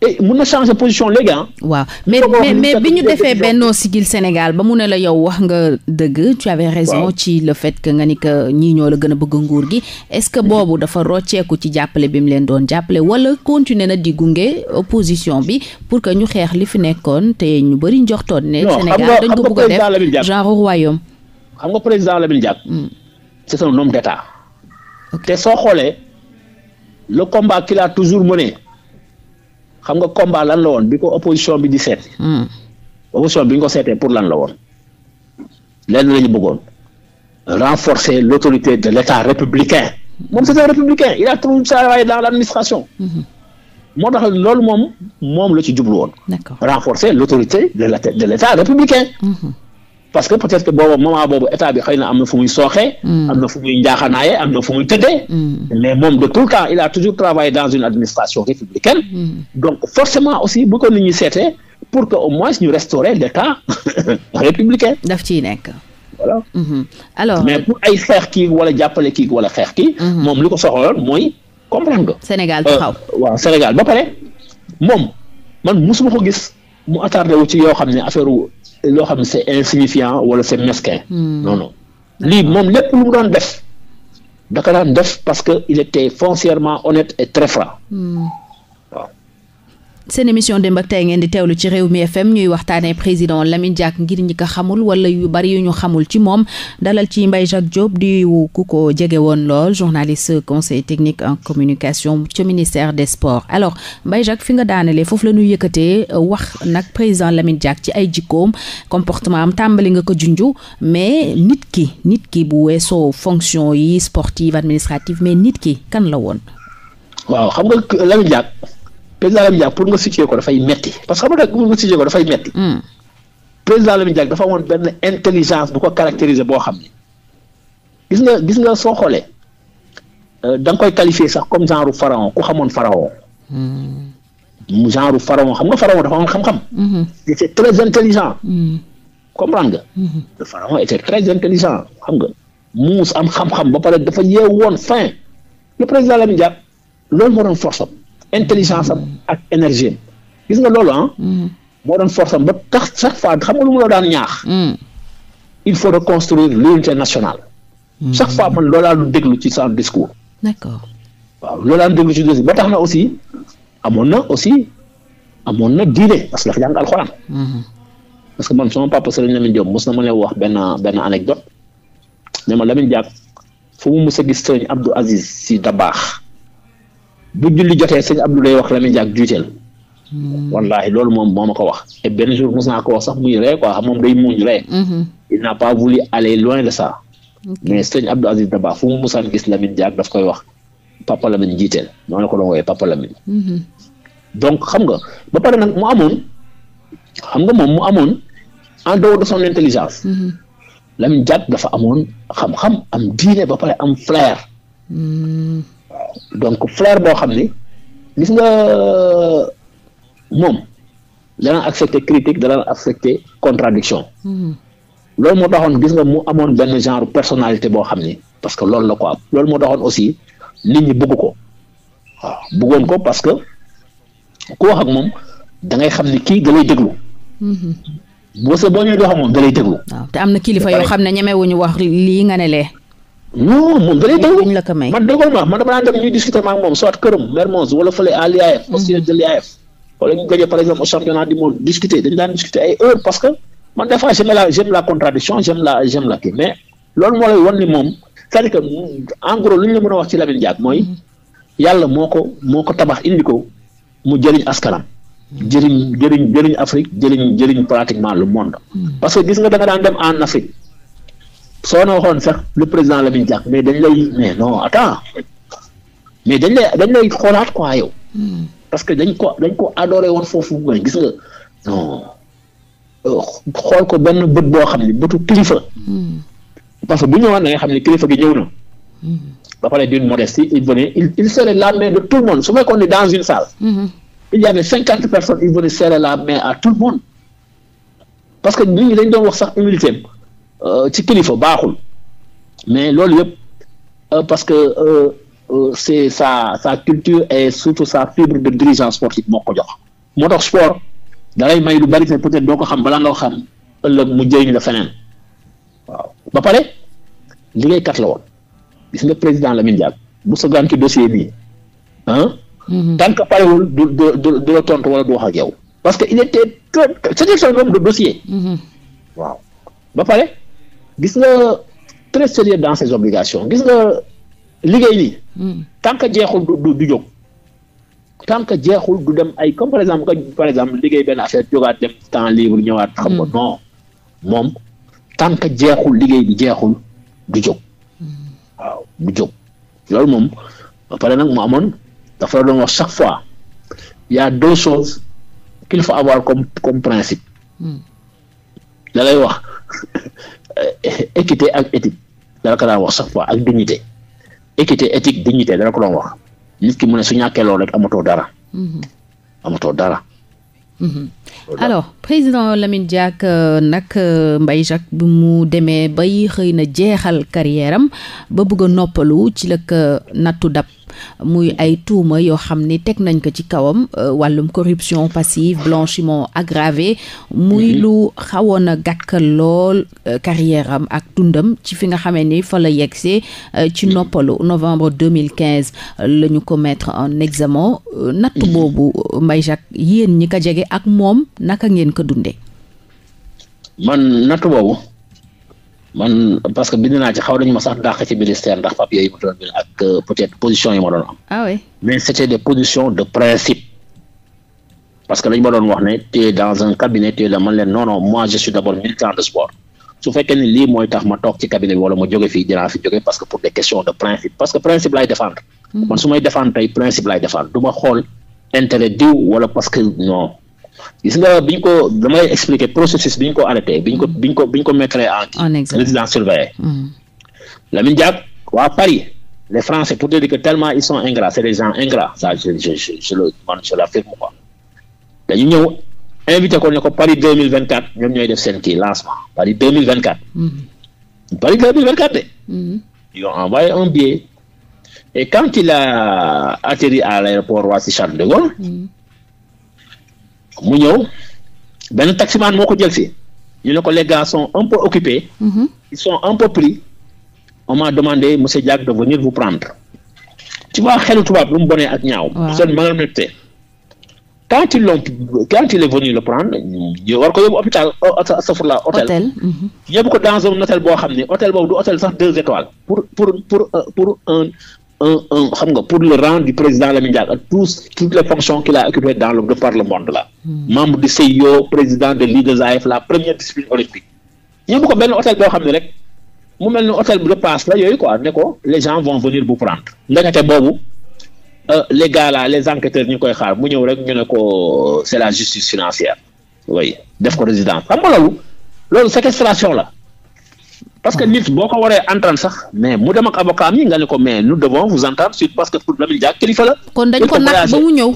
Eh, mun na changer position léegi ah. waaw mais mais bi ñu defee Benno Siggil Sénégal ba mu ne la yow wax nga dëgg. tu avais raison ci le fait que nga ni que ñii ñoo la gën a bëgg nguur gi. est ce que boobu dafa rocceeku ci jàppale bi mu leen doon jàppale wala continuer na di gunge opposition bi pour que ñu xeex li fi nekkoon te ñu bëri njortoon ne. Sénégal dañ ko bëgg a def genre royaume. xam nga président la Diack. Hmm. c'est un homme d'État. te soo xoolee le combat qu'il a toujours mené. xam nga combat lan la woon bi ko opposition bi di seet. Hmm. opposition bi ñu ko seetee pour lan la woon lenn la ñu bëggoon renforcer l' autorité de l' état républicain moom c' est un républicain il a toujours travaillé dans l' hmm. moo tax loolu moom moom la ci jublu woon. renforcer l' de l' républicain. Hmm. parce que peut-être que boobu moment boobu état bi xëy na am na fu muy sooxee. Mm. am na fu muy njaaxanaayee am na fu muy tëddee. Mm. mais moom de tout le temps il a toujours travaillé dans une administration républicaine. Mm. donc forcément aussi bu ko nit ñi seetee pour que au moins ñu restaurer l'état *laughs* républicain. daf ci nekk. voilà. Mm-hmm. alors mais pour ay xeex kii wala jàppale kii wala xeex ki mm-hmm. moom li ko soxaloon mooy comprendre Sénégal euh, taxaw waaw Sénégal ba pare moom man musuma ko gis mu attardé wu ci yoo xam ne affaire loo xam ne c'est insignifiant wala c'est mesquin hmm. non non lii moom lépp lu mu doon def da ko daan def parce que il était foncièrement honnête et très franc hmm. seen émission démb ak tey ngeen di teewlu ci réew mi FM ñuy waxtaanee président Lamine Diack ngir ñi ko xamul wala yu bari yu ñu xamul ci moom dalal ci mbay Jacques Diop di ku ko jege woon lool journaliste conseil technique en communication ci ministère des sports alors Mbaye Jacques fi nga daanale foofu la ñuy yëkkatee euh, wax nag président Lamine Diack ci ay jikkoom comportement am tàmbali nga ko junju mais nit ki nit ki bu weesoo fonction yi sportive administrative mais nit ki kan la woon. président Lamine Diack pour nga ko dafay metti parce que xam nga pour nga situé ko dafay metti hmm. président Lamine Diack dafa amoon benn intelligence bu ko caractériser boo xam ni gis nga gis nga soo xoolee euh, da koy qualifier sax comme genre pharaon ku xamoon pharaon. mu hmm. genre pharaon xam nga pharaon dafa amoon xam-xam. Hmm. il était très intelligent. comprendre xam nga muus am xam-xam ba pare dafa woon fin le président Lamine Diack loolu moo doon intelligence am ak énergie gis nga loolu ah. mm-hmm. moo doon force am ba tax chaque fois xam nga lu mu la daan ñaax. Mm-hmm. il faut reconstruire l'unité nationale. chaque mm-hmm. fois man loolu daan déglu ci seen discours. d'accord waaw loolu daan déglu ci ba tax na aussi amoon na aussi amoon na diine parce que dafa jàng alxuraan. parce que man sama papa la Lamine Diop mos na ma wax benn benn anecdote ne ma Lamine Diop fu mu mës a gis Serigne Abdou Aziz si Dabaax. bu julli jotee sëñ Abdou day wax Lamine Diack juuteel hmm. wallahi loolu moom moo ma ko wax et benn jour mos naa ko wax sax muy ree quoi moom day muuñ ree hmm. il n'a pas voulu aller loin de ça mais sëñ Abdou Aziz Dabakh fu mu musaan gis Lamine Diack daf koy wax Papa Lamine jiiteel noonu la ko doon wooyee Papa Lamine hmm. donc xam nga ba pare nag mu amoon xam nga moom mu amoon en dehors de son intelligence Lamine Diack dafa amoon xam-xam am diine ba pare am flair donc flair boo xam ni gis nga moom dana accepter critique dana accepter contradiction mhm. loolu moo taxoon gis nga mu amoon benn genre personnalité boo xam ni parce que loolu la ko am loolu moo taxoon aussi nit ñi bëgg ko waaw bëggoon ko parce que ku wax ak moom dangay xam ni kii da lay déglu mhm. boo sa boo waaw te am na kilifa yoo xam ne ñemewuñu wax lii nga ne lee. non moom da lay déglu man déggoo ma man dama daan dem ñuy discuter ma ak moom soit këram Mermoz wala fële à l'IAF mhm. exemple au championnat du monde discuter dañu daan discuter ay heures parce que man des fois contradiction j'aime la mais loolu moo lay ni moom c'est-à-dire que en gros lu ñu la mën a wax ci Lamine Diack mooy mhm. yàlla moo ko moo ko tabax indi ko mu jëriñ askanam mhm. jëriñ jëriñ jëriñ Afrique jëriñ jëriñ pratiquement le monde parce que gis nga nga daan dem en Afrique soo na waxoon sax le président la muy jàkk mais dañ lay mais mais dañ lay dañ lay xoolaat quoi yow. Hmm. parce que dañ ko dañ ko adoré woon foofu mooy gis nga non euh, xool ko benn bët boo xam ni bëtu kilifa. Hmm. parce que bu ñëwoon da xam ne kilifa gi ñëw na. Hmm. ba pare d'une modestie il venait la main de tout le monde su fekkoon ne dans une salle. il y cinquante personnes il venait serrer la mais à tout le monde parce que nit ñi dañ doon wax sax humilité Euh, ci kilifa baaxul mais loolu yëpp euh, parce que euh, c'est sa sa culture et surtout sa fibre de dirigeant sportif moo ko jox moo tax sport dalay may lu bari te peut-être doo ko xam balaa nga xam ëllëg mu jëriñ la feneen waaw ba pare liggéeykat la woon gis nga président Lamine Diack bu sagaan ci dossier bii ah. Mm-hmm. tant que parewul du du du la tontu wala du wax a yow. parce que il était très c'était son homme de dossier. Mm-hmm. waaw ba pare. gis nga très sérieux dans ses obligations gis nga liggéey lii. Hmm. tant que jeexul du du jóg. tant que jeexul du dem ay comme par exemple par exemple liggéey benn affaire jógaat dem temps libre ñëwaat. xam nga hmm. non moom tant que jeexul liggéey bi jeexul du jóg. Hmm. waaw du jóg loolu moom ba pare nag mu amoon dafa la doon wax chaque fois y a deux choses qu'il faut avoir comme principe. da lay wax *laughs* équite ak éthique dana ko daan wax sax fois ak dignité équite éthique dignité dana ko doon wax nit ki mu ne su ñàkkee loolu rek amatoo dara. Mhm. Mhm. amatoo dara. alors président Lamine Diack euh, nag euh, Mbaye Jacques bi mu demee bay xëy na jeexal carrière ba bëgg a noppalu ci la ko nattu dab muy ay tuuma yoo xam ni teg nañ ko ci kawam euh, wàllum corruption passive blanchiment aggravé muy mhm. lu xawoon a gàkkal lool euh, carrière ak dundam ci fi nga xamee ni fa la yegsee euh, ci mhm. noppalu novembre 2015 la ñu ko mettre en examen natt mhm. boobu Mbaye Jacques yéen ñi ko jege ak moom naka ngeen ko dundee man natt boobu man parce que bind naa ci xaw nañu ma sax dàq ci ministère ndax papier yi ma ak euh, position yi ma doon am. Ah mais c'était des positions de principe parce que dañu ma doon wax ne te dans un cabinet te la man leen non non moi je suis d'abord de sport su fekkee ni lii mooy tax ma toog ci cabinet bi wala ma jóge fii dinaa fi jóge parce que pour des questions de principe parce que principe laay défendre. Hmm. man su may défendre tey principe laay défendre du ma xool intérêt diw wala parce que non. gis nga bi ñu ko damay expliquer processus bi ñu ko arrêté bi bi ñu ko bi ñu ko mettre en résidence surveillée mm. Lamine Diack waa Paris les Français pour te dire que tellement ils sont ingrats c'est des gens ingrats je l'affirme quoi dañu ñëw invité ko ne ko Paris Paris deux mm. Paris de mm. ils ont envoyé un billet et quand il a atterri à l'aéroport Roissy Charles de Gaulle mu ñëw benn taximaan moo ko jël si ñu ne ko les gars un peu occupés. Mmh. ils un peu pris on demandé monsieur Diack de venir vous prendre. tu vois xelu tubaab lu mu bonee ak ñaaw. waaw seen malhonnêteté. quand il est venu le prendre war ko yóbbu hôpital astafurla hôtel mhm. yóbbu ko dans un hôtel boo xam ne hôtel boobu du hôtel sax deux étoiles pour pour euh, un un pour le rang du président Lamine Diack tous toutes les fonctions qu'il a occupées dans le de par le monde là. Hmm. membre du CIO président de Leaders AF la première discipline olympique. yóbbu ko benn hôtel boo xam ni rek mu mel ni hôtel de passe la yooyu quoi ne ko les gens vont venir vous prendre ndekete boobu euh, les gars là les enquêteurs ñu koy xaar mu ñëw rek ñu ne ko c'est la justice financière oui def ko résidence xam nga loolu séquestration la. parce que nit boo ko waree entendre sax mais mu dem ak avocat mi nga ne ko mais nous devons vous entendre suite parce que pour Lamine Diack kilifa la. kon dañ ko nax ba mu ñëw.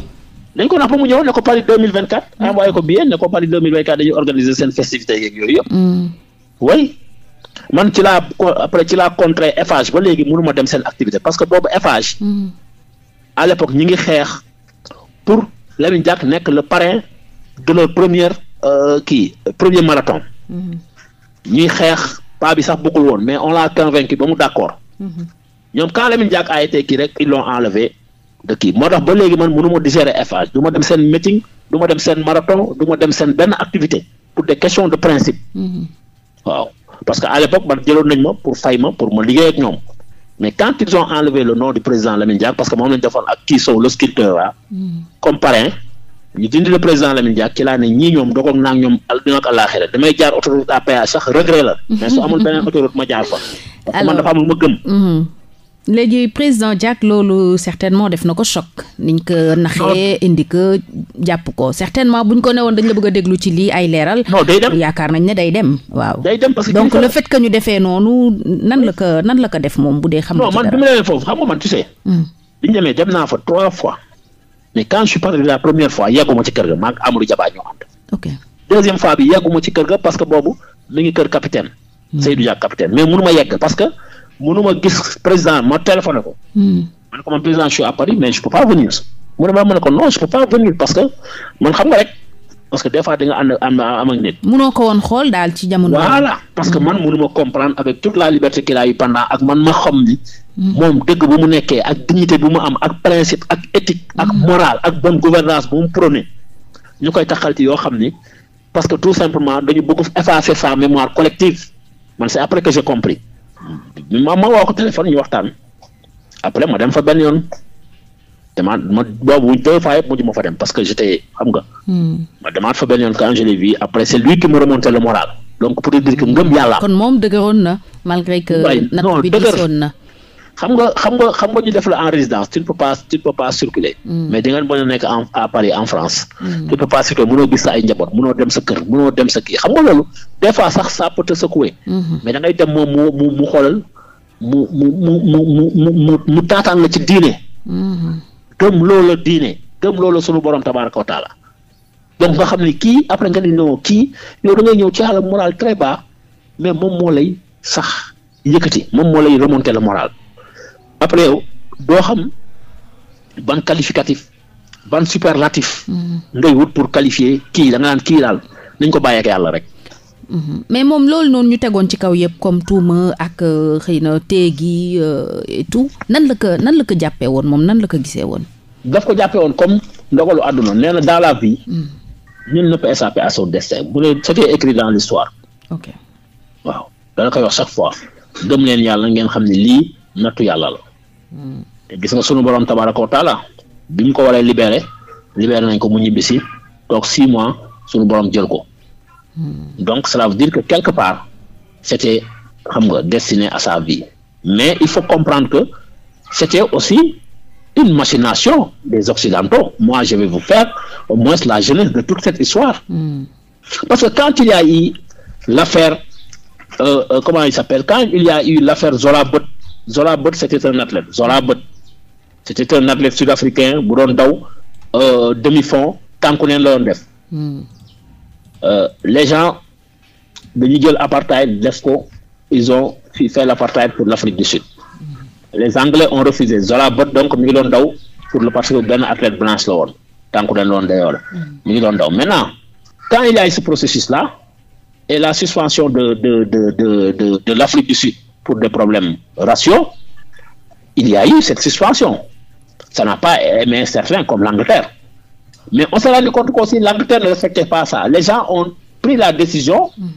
dañ ko nax ba mu ñëw ne ko Paris deux mille vingt quatre. Mm. envoyé ko billet ne ko Paris deux mille vingt quatre dañuy organiser seen festivité yëpp. way mm. man ci laa après ci laa contrer Eiffage ba léegi mënuma dem seen activité parce que boobu Eiffage. Mm. à l'époque ñi ngi xeex pour Lamine Diack nekk le parrain de première euh, kii euh, premier marathon. ñuy xeex. paa bi sax bëggul woon mais on l'a convaincu ba mu d'accord mhm. ñoom quand Lamine Diack a été kii rek ils l'ont enlevé de kii moo tax ba léegi man mënu ma digérer FH du ma dem seen meeting du ma dem seen marathon du ma dem seen benn activité pour des questions de principe mhm. waaw parce que à l'époque man jëloon nañ ma pour fay ma pour ma liggéey ak ñoom mais quand ils ont enlevé le nom du président Lamine Diack parce que moom lañ defoon ak kii sow le sculpteur ah, mhm. ñu dindi président Lamine Diack ci laa ne ñii ñoom dogoog naa ak ñoom dina ak àllaaxira damay jaar autoroute à péage sax lu *laughs* ma gëm. Mhm. léegi président Diack loolu certainement def na ko choc niñ ko naxee indi ko jàpp ko certainement buñ ko newoon dañ la bëgg a déglu ci lii ay leeral. non day dem yaakaar nañ ne day dem. waaw day dem parce que donc le fait que ñu defee noonu nan la ko nan la ko def moom bu dee. xam nga ci dara non man bi ma demee foofu xam nga man tu sais. Mhm. biñ demee dem naa fa trois fois. mais quand je suis parti la première fois yàgguma ci kër ga maa ngi Amadou Diaba ñoo deuxième fois bi yàgguma ci kër ga parce que boobu mi ngi kër capitaine. Hmm. Seydou Dia capitaine mais mënu ma yegg parce que mënu ma gis président ma téléphoné ko. Hmm. man président je suis pas venir mu ma ma ko non je peux pas venir parce que man xam nga rek parce que des fois di nga ko woon xool daal ci jamono. voilà parce que man hmm. mënu ma comprendre avec toute a eu pendant moom dëgg bu mu nekkee ak dignité bu mu am ak principe ak éthique ak mm-hmm. morale ak bonne gouvernance bu mu prôné ñu koy taxal ci yoo xam ni parce que tout simplement dañu bëgg effacer sa mémoire collective man c'est après que j'ai compris ma ma woo ko téléphone ñu waxtaan après ma dem fa benn yoon demaat ma boobu deux fois yëpp fa dem parce que j'étais xam nga. Mm. ma demaat fa benn yoon quand je l'ai vu après c'est lui qui me remontait le moral donc pour dire que moom dëgëroon na malgré que. xam nga xam nga xam nga ñu def la en résidence tu ne peux pas tu ne peux pas circuler. Mm. mais di nga mën a nekk en à Paris en France. Mm. tu ne peux pas circuler mënoo gis sa ay njaboot mënoo dem sa kër mënoo dem sa kii xam nga loolu des fois sax sa peut te secouer. Mm-hmm. mais da ngay dem moom mu mu mu xoolal mu mu mu mu mu mu mu taataan la ci diine. Mm-hmm. gëm loola diine gëm loola sunu borom tabaaraka wa taala donc nga xam ne kii après nga ne non kii yow ngay ñëw ci xala moral très bas mais moom moo lay sax yëkkati moom moo lay remonter le moral. après yow doo xam ban qualificatif ban superlatif. Mm-hmm. ngay wut pour qualifier kii da nga naan kii daal nañ ko bàyyeek yàlla rek. Mm-hmm. mais moom loolu noonu ñu tegoon ci kaw yëpp comme tuuma ak euh, xëy na teegi euh, et tout nan la ko nan la ko jàppee woon moom nan la ko gisee woon. daf ko jàppee woon comme ndogalu àdduna nee na dans vie. nul ne peut échapper à son destin bu ne c'était écrit dans l'histoire waaw dana koy wax chaque fois gëm leen yàlla ngeen xam ne lii nattu yàlla la. te gis nga sunu borom tabaraka wa taala bi mu ko waree libéré libéré nañ ko mu ñibbi si toog six mois sunu borom jël ko donc cela veut dire que quelque part c'était xam nga destiné à sa vie mais il faut comprendre que c'était aussi une machination des occidentaux moi je vais vous faire au moins la genèse de toute cette histoire mm. parce que quand il y a eu l'affaire euh, euh, comment il s'appelle quand il y a eu l'affaire Zola Zola Bët c'était un athlète Zola Bët c'était un athlète sud-africain bu doon daw euh, demi-fond tànku neen la doon def hmm. euh, les gens dañuy jël apartheid def ko ils ont fait l'apartheid pour l'Afrique du Sud hmm. les Anglais ont refusé Zola Bët donc mi ngi doon daw pour le parce que benn athlète blanche la woon tànku neen la doon dayoo la mi ngi doon daw maintenant quand il y a ce processus là et la suspension de de de de de de l'Afrique du Sud pour des problèmes raciaux, il y a eu cette suspension. Ça n'a pas aimé un certain comme l'Angleterre. Mais on s'est rendu compte qu'aussi l'Angleterre ne respectait pas ça. Les gens ont pris la décision, de mm.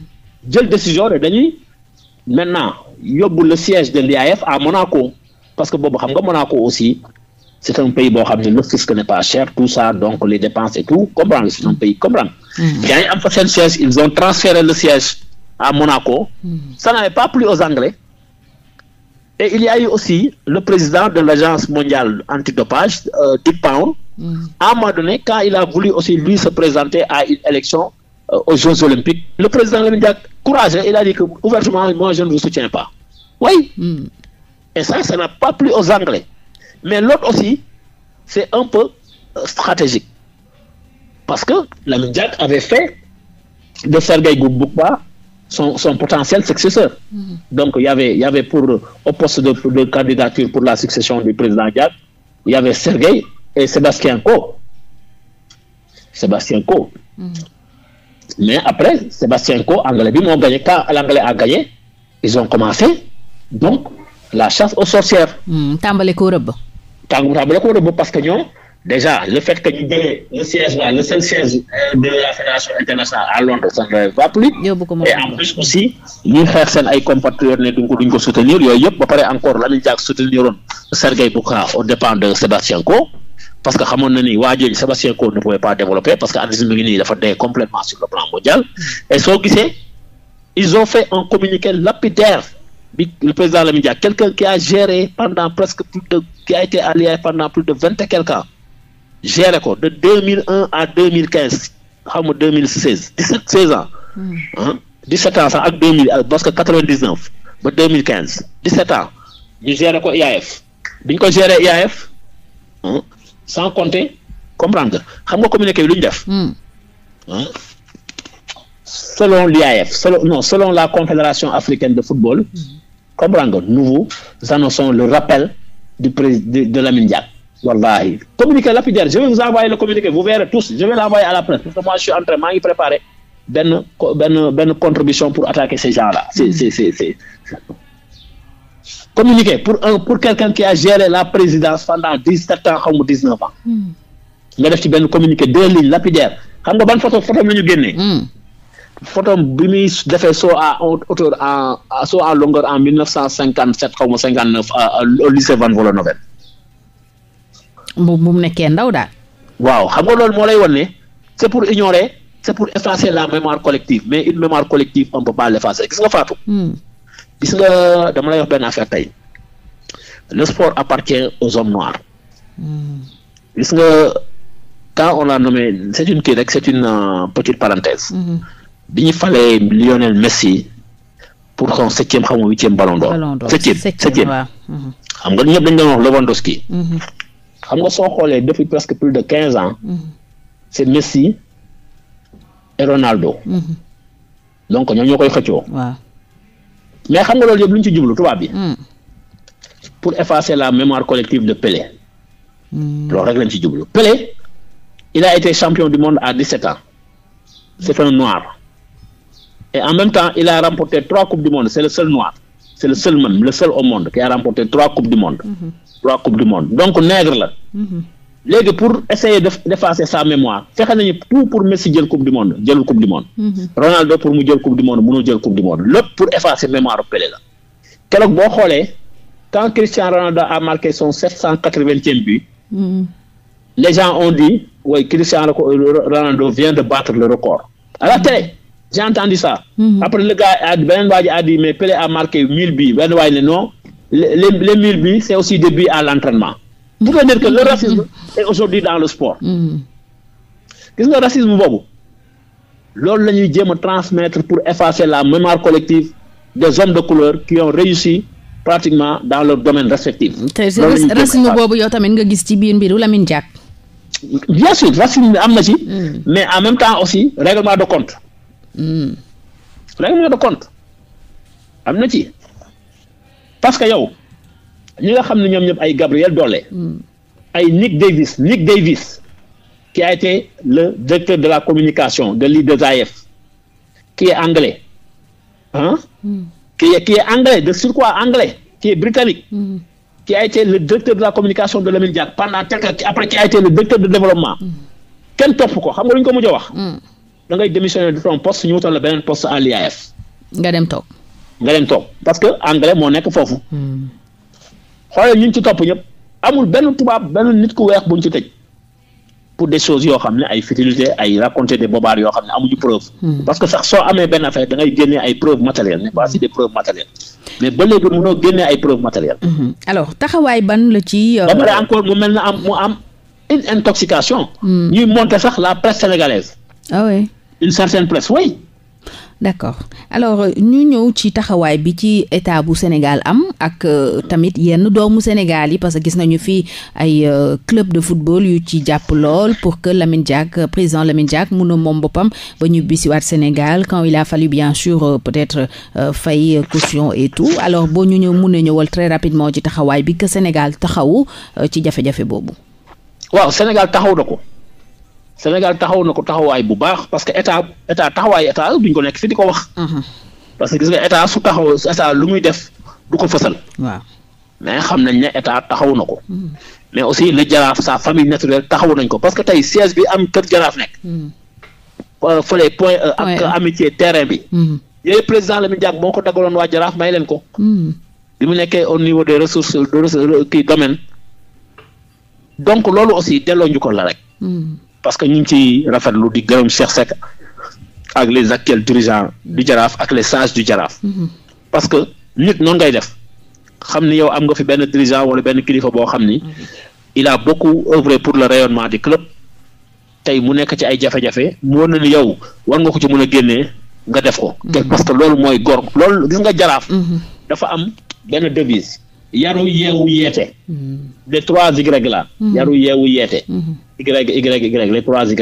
la décision de venir maintenant, yobbu le siège de l'IAF à Monaco. Parce que Bobo Monaco aussi, c'est un pays, bon, le fisc n'est pas cher, donc les dépenses et tout, comprendre, c'est un pays, comprendre. Mm. Quand ils ont mm. Anglais. Et il y a eu aussi le président de l'Agence mondiale antidopage, euh, Dupont, mmh. à un moment donné, quand il a voulu aussi lui se présenter à une élection euh, aux Jeux Olympiques, le président de a courageux, il a dit que ouvertement, moi je ne soutiens pas. Oui. Mmh. Et ça, ça n'a pas plu aux Anglais. Mais l'autre aussi, c'est un peu euh, stratégique. Parce que la Mindiac avait fait de Sergei Goubouba son, son potentiel successeur. Mm -hmm. Donc, y avait, pour, au poste de, de, candidature pour la succession du président Diak, il y avait Sergei et Sébastien Coe. Mm-hmm. Mais après, Sébastien Coe, Anglais Bim ont gagné. Quand l'Anglais a gagné, ils ont commencé. Donc, la chasse aux sorcières. Mm-hmm. Tambale Koureb. Tambale Koureb, parce que nous, déjà le fait que ñu jëlee le siège là le seul siège euh, de la fédération internationale à Londres ça ne va plus et en plus aussi ñuy xeex seen ay compatriotes ne duñ ko duñ ko soutenir yooyu yëpp ba pare encore la Diack soutenir oon Sergei Bouka au dépens de Sébastien-Coe parce que xamoon na ni waa jooju Sébastien-Coe ne pouvait pas développer parce que addis mi dafa dee complètement sur le plan mondial hmm. et soo gisee ils ont fait un communiqué lapidaire bi le président Lamine Diack quelqu'un qui a géré géré ko de deux mille un à deux mille quinze xam nga deux mille seize dix sept seize ans. ah hmm. dix sept ans ak deux mille euh, parce que quatre vingt dix neuf ba deux mille quinze dix sept ans ñu géré ko IAF bi ñu ko géré IAF sans compter comprendre nga xam nga communiqué lu ñu def. Hmm. selon l'IAF selon non selon la confédération africaine de football. Hmm. comprendre nga nous vous le rappel du président de Lamine Diack wallahi communiqué lapidaire je vais vous envoyer le communiqué vous verrez tous je vais l'envoyer à la presse parce que moi suis en train maa préparé benn benn contribution pour attaquer ces gens-là c'est c'est c'est c'est communiqué pour un pour quelqu'un qui a géré la présidence pendant dix-sept ans xaw ma dix-neuf ans hmm. nga def ci benn communiqué deux lignes lapidaire xam nga ban photo photo mi ñu génnee hmm. photo bi muy defee saut à hauteur en à longueur en mille neuf cent a sept xaw ma cinquante neuf au lycée Van Vollenhoven bu bu mu nekkee ndaw daal. waaw xam nga loolu moo lay wone c'est pour ignorer c'est pour effacer la mémoire collective mais une mémoire collective on peut pas l'effacer gis nga Fatou. Hmm. gis nga dama la wax benn affaire tey le sport appartient aux hommes noirs. Hmm. gis nga quand on l'a nommé c'est une kii rek c'est une euh, petite parenthèse. Hmm. bi ñu falee Lionel Messi pour son septième xam nga huitième ballon nga ñëpp dañ wax Lewandowski. xam nga soo xoolee depuis presque plus de quinze ans. Mm-hmm. c' est Messi et Ronaldo. Mm-hmm. donc ñoo ñoo koy xëccoo. mais xam nga loolu yëpp lu ñu ci jublu tubaab bi. Mm. pour effacer la mémoire collective de Pelé. Mm. loolu rek lañ ci jublu Pelé il a été champion du monde à dix sept ans c' est un noir et en même temps il a remporté trois coupes du monde c' est le noir. c' est le seul même le seul au monde qui a remporté trois coupes du monde. Mhm. trois coupes du monde donc nègre la. Mhm. léegi pour essayer d'effacer sa mémoire fexe nañu tout pour Messi jël coupe du monde jëlul coupe du monde. Mhm. Ronaldo pour mu jël coupe du monde mënul jël coupe du monde lépp pour effacer mémoire Pelé la keroog boo xoolee quand Cristiano Ronaldo a marqué son sept cent quatre-vingtième but. les gens ont dit oui Cristiano Ronaldo vient de battre le record à la télé. j'ai entendu sa Mm -hmm. après le gars a beneen waa ji a dit mais Pelé a marqué mille buts benn waay ne non les mille buts c' aussi des à lentrainement entraînement. pour te dire que le mhm. racisme mhm. est aujourd'hui dans le sport. Mhm. gis nga racisme boobu loolu la ñuy jéem a transmettre pour effacer la mémoire collective des hommes de couleur qui ont réussi pratiquement dans leur domaine respectif. loolu la racisme boobu yow tamit nga gis ci biir mbiru Lamine Diack. bien sûr racisme am na ci. mais en même temps aussi règlement de compte. règlement de compte am na ci parce que yow ñi nga xam ne ñoom ñëpp ay Gabriel Dollé ay Nick Davis Nick Davis ki ay été le directeur de la communication de l'IAAF e qui est anglais ah mm. qui est qui est anglais de surcroît anglais qui le directeur de la communication de Lamine Diack pendant quelque après qui a été le directeur de développement kenn topp ko xam nga lu ñu ko mujj a wax da ngay démissionner de ton poste ñu wutal la beneen poste à nga dem toog. nga dem toog parce que anglais moo nekk foofu. Hmm. xoolee ñu ci topp ñëpp amul benn tubaab benn nit ku weex bu buñ ci tëj. pour des choses yoo xam ne ay futilité ay raconter des bobards yoo xam ne amuñu preuve. Hmm. parce que sax soo amee benn affaire da ngay génnee ay preuves matérielles mais pas si des preuves mais ba léegi mënoo génnee ay preuves matérielles. Hmm. alors taxawaay ban la ci. Euh, ba encore mu mel na am mu am intoxication. ñuy sax la presse sénégalaise. ah une certaine presse oui. d'accord alors ñu ñëw ci taxawaay bi ci état bu Sénégal am ak euh, tamit yenn doomu Sénégal yi parce que gis nañu fi ay euh, club de football yu ci jàpp lool pour que Lamine Diack euh, président Lamine Diack mun a moom boppam ba ñu bisiwaat Sénégal quand il a fallu bien sûr peut-être fay caution et tout alors boo ñu ñëw mun a ñëwal très rapidement ci taxawaay bi que Sénégal taxawu ci jafe-jafe boobu. waaw Sénégal taxaw na Sénégal taxaw na ko taxawaay bu baax parce que état état taxawaay état duñ ko nekk fi di ko wax. Mhm. parce que gis nga su taxaw état lu muy def du ko fësal. waaw mais xam nañ ne état taxawu na ko. Mhm. mais aussi le jaraaf sa famille naturelle taxaw nañ ko parce que tey siège bi am kër jaraaf nekk. Mhm. fële point euh, ak amitié terrain bi. yooyu président Lamine Diack moo ko daggaloon waa jaraaf may leen ko. bi mu nekkee au niveau des ressources de euh, kii domaine donc loolu aussi delloo ñu ko la rek. parce que ñu ngi ciy rafetlu di gërëm Cheikh Seck ak les actuels dirigeants du jaraaf ak les sages du jaraaf. Mhm. parce que nit noonu ngay def xam ni yow am nga fi benn dirigeant wala benn kilifa boo xam ni mhm. il a beaucoup pour le rayonnement du club tey mu nekk ci ay jafe-jafe mu war na ni yow war nga ko ci mën a génnee nga def ko. Mhm. parce que loolu mooy gor loolu gis nga jaraaf. dafa am benn devise. yaru yeewu yeete. les trois Y la. yaru yeewu yeete. Y Y Y les trois Y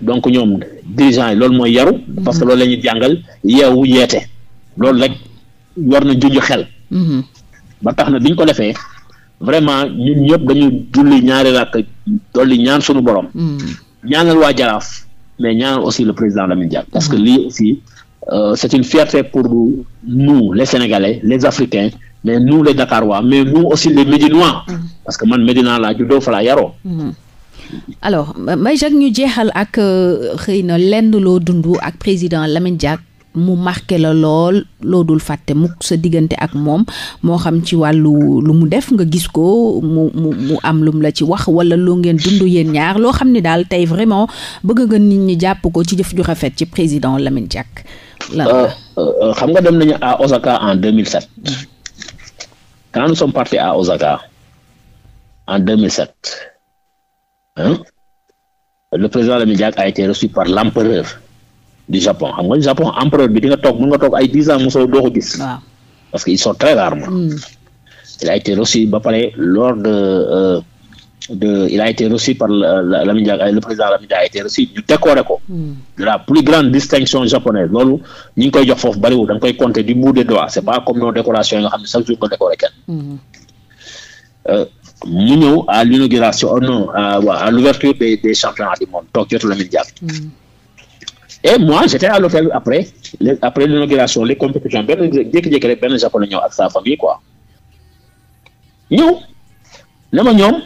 donc ñoom dirigeants yi loolu mooy yaru. parce que loolu la ñuy jàngal yeewu yeete loolu rek war na junj xel. Mhm. ba tax na bi ko defee vraiment ñun ñëpp dañu julli ñaari rakk dolli ñaan sunu borom. Mhm. ñaanal waa Jaraaf mais ñaanal aussi le président la Lamine Diack parce que li aussi euh, une fierté pour nous le Sénégalais les Africains mais nous les Dakarois mais nous aussi les Médinois. Mhm. parce que man Médina laa juddoo fa laa alors may Jacques ñu jeexal ak euh, xëy na lenn loo dund ak président Lamine Diack mu marqué la lool loo dul fàtte mukk sa diggante ak moom moo xam ci wàllu lu mu def nga gis ko mu mu mu am lum la ci wax wala loo ngeen dund yéen ñaar loo xam ni daal tey vraiment bëgg nga nit ñi jàpp ko ci jëf ju rafet ci président Lamine Diack. Euh, euh, xam nga dem nañu à Osaka en 2007. quand nous sommes partis à Osaka en 2007. hein, le président Lamine Diack a été reçu par l'empereur du Japon xam nga Japon empereur bi di toog mën nga toog ay dix ans mosoo doo ko gis. parce que ils sont très rares. Hmm. il a été reçu ba pare lors de euh, de il a été reçu par la Diack le président Lamine Diack a été reçu ñu décoré ko. Hmm. de la plus grande distinction japonaise loolu ñu ngi koy jox foofu bariwul da koy compter du bout des doigts c'est pas comme nos décorations nga xam ne chaque jour nga décoré kenn. Hmm. Euh, mu ñëw à l'inauguration euh, non à l'ouverture des des championnats du monde toog jotu Lamine Diack et moi j'étais à l'hôtel après après l'inauguration les compétitions benn japonais ñëw ak sa famille quoi ñëw ne ma ñoom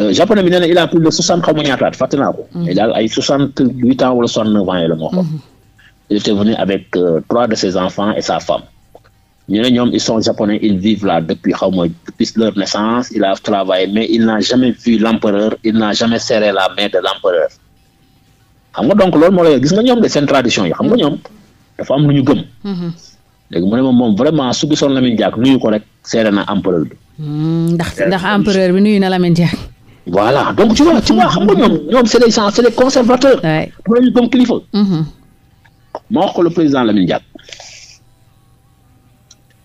euh, japonais bi nee na il a plus de soixante xaw ma naa ko et mm. daal soixante huit ans wala soixante mm-hmm. il était venu avec euh, trois de ses enfants et sa femme ñu ne ñoom ils sont japonais ils vivent là depuis xaw ma depuis leur naissance il a travaillé mais il n'a jamais vu l'empereur il n'a jamais serré la main de l'empereur xam nga donc loolu moo lay gis nga ñoom de seen tradition yi xam nga ñoom dafa am ñu gëm mm-hmm. léegi mu na empereur bi mm, ndax voilà donc tu vois xam nga ñoom ñoom c'est des gens c'est des conservateurs. waaw loolu gëm kilifa. ma mm-hmm. wax ko le président Lamine Diack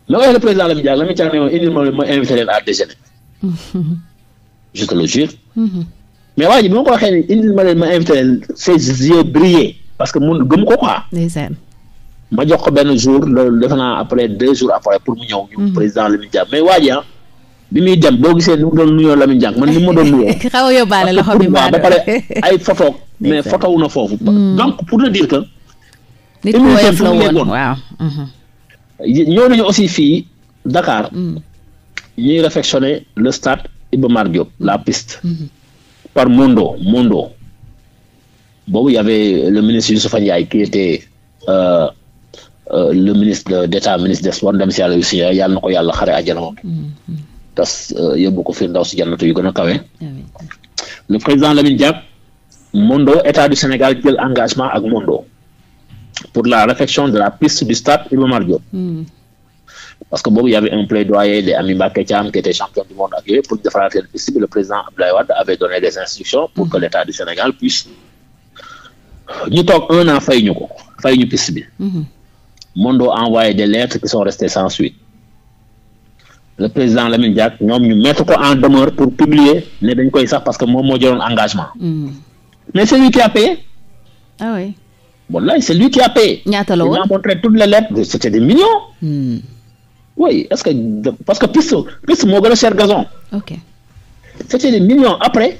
la nga wax le président Lamine Diack Lamine Diack ne ma indil à déjeuner. *laughs* je te mm-hmm. mais waa bi ma ko waxee ne ma leen ma invité leen parce que mun ko quoi. ma jox ko benn jour loolu defe naa après deux jours après pour mu ñëw. Mm-hmm. président Lamine Diack mais waa ji ah, bi muy dem boo gisee ni mu doon nuyoo Lamine Diack man ni mu doon nuyoo. xaw *laughs* a yóbbaale loxo bi ba pare *laughs* ay photo mais photo na foofu. Mm. donc pour le dire que. nit ku woyof la waaw. Mm-hmm. ñëw nañu aussi fii Dakar. Mm. ñuy réfectionner le stade Iba Mar Diop mm. la piste. Mm-hmm. par Mondo Mondo boobu y le ministre Youssoufa Ndiaye qui était euh, euh, le ministre d'État ministre des ndem si yàlla yu si yàlla na ko yàlla xare àjjana mm-hmm. tas euh, yóbbu ko fi ndaw si jannatu yu gën a kawe ah le président Lamine Diack Mondo état du Sénégal jël engagement ak Mondo pour la réfection de la piste du stade Iba Mar Diop. Hmm. parce que boobu y avait un plaidoyer de Ami Mbacké Thiam qui champion du monde ak yooyu pour ñu defaraat seen piste bi le président Abdoulaye Wade avait donné des instructions pour que hmm. l'État du Sénégal puisse ñu toog un an fay ñu ko fay ñu piste bi. Hmm. Mondo envoyé des lettres qui sont restées sans suite. le président Lamine Diack ñoom ñu mettre ko en demeure pour publier ne dañ koy sax parce que moom moo jëloon engagement. bon là c'est lui qui a payé. ñaata la woon toutes les lettres c'était des millions. Hmm. parce que piste piste moo gën cher gazon. ok c'était des millions après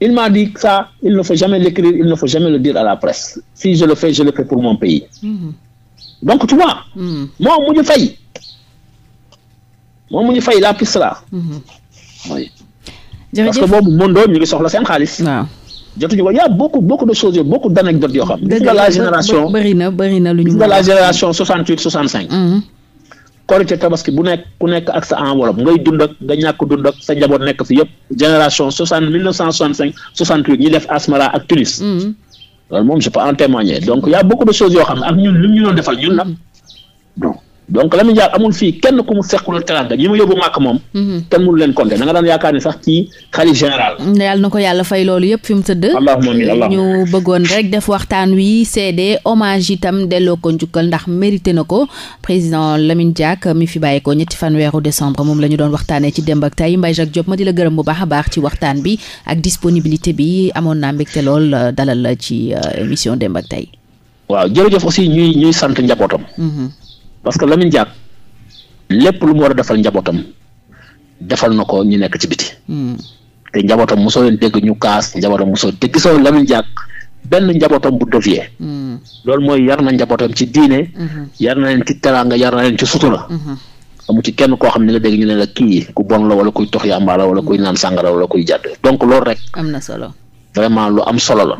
il m'a dit ça il ne faut jamais l'écrire il ne faut jamais le dire à la presse si je le fais je le fais pour mon pays. Mm. donc tu vois. moom mu ñu fay moom mu ñu fay la piste là. Hmm. oui. jërëjëf parce que boobu Mondo ñu ngi soxla seen xaalis. waaw. jotuñu ko y' a beaucoup beaucoup de choses beaucoup d' anecdotes yoo xam. dëgg la la génération bëri na bëri na lu ñu. la génération 68 65. korite tabaski bu nekk ku nekk ak sa enveloppe ngay dund ak nga ñàkk dund sa njaboot nekk fi yëpp génération 60 1965 68 ñi def asmara ak tunis. Mm-hmm. loolu moom je peux en témoigner donc y' a beaucoup de choses yoo xam ne ak ñun lu ñu doon defal ñun nag donc. Mm-hmm. donc Lamine Diack amul fii kenn ku mu seqalul teraanga ñi mu yóbbu màkk moom. Mhm. kenn mënu leen compter na nga daan yaakaar ni sax ci xalif général. na ko yàlla fay loolu yëpp fi mu tëdd. ñu bëggoon rek def waxtaan wi seede omage itam delloo ko njukkal ndax mérité na ko président Lamine Diack mi fi bàyyeekoo ñetti fan weeru décembre moom la ñu doon waxtaanee ci Demb ak Tay mbay Jacques Diop ma di la gërëm bu baax a baax ci waxtaan bi ak disponibilité bi amoon naa mbégte lool dalal ci euh, émission Demb ak Tay. waaw parce que Lamine Diack lépp lu mu war a defal njabootam defal na ko ñu nekk ci biti. Hmm. te njabootam mosoo leen dégg ñu kaas njabootam mosoo te gisoo Lamine Diack benn njabootam bu dévié. Hmm. loolu mooy yar na njabootam ci diine. Hmm. yar na leen ci teraanga yar na leen ci sutura. amu ci kenn koo xam ne nga dégg ñu ne la kii ku bon la wala kuy tox yàmba la wala kuy naan sàngara wala kuy jàdd donc loolu rek. am na solo vraiment lu am solo la.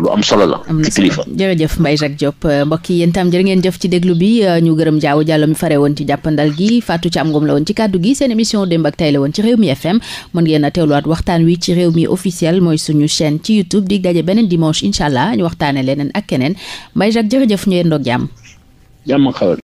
lu am solo la. am na kilifa jërëjëf Mbaye Jacques Diop euh, mbokk yi yéen tam jërë ngeen jëf ci déglu bi euh, ñu gërëm jaaw jàll mi fare woon ci jàppandal gi ci Thiam Ngom la woon ci kàddu gi seen émission démb ak tay la woon ci réew mi FM mën ngeen a teewluwaat waxtaan wi ci réew mi officiel mooy suñu chaîne ci YouTube di daje beneen dimanche incha allah ñu waxtaanee leneen ak keneen Mbaye Jacques jërëjëf ñu yendoog jàmm.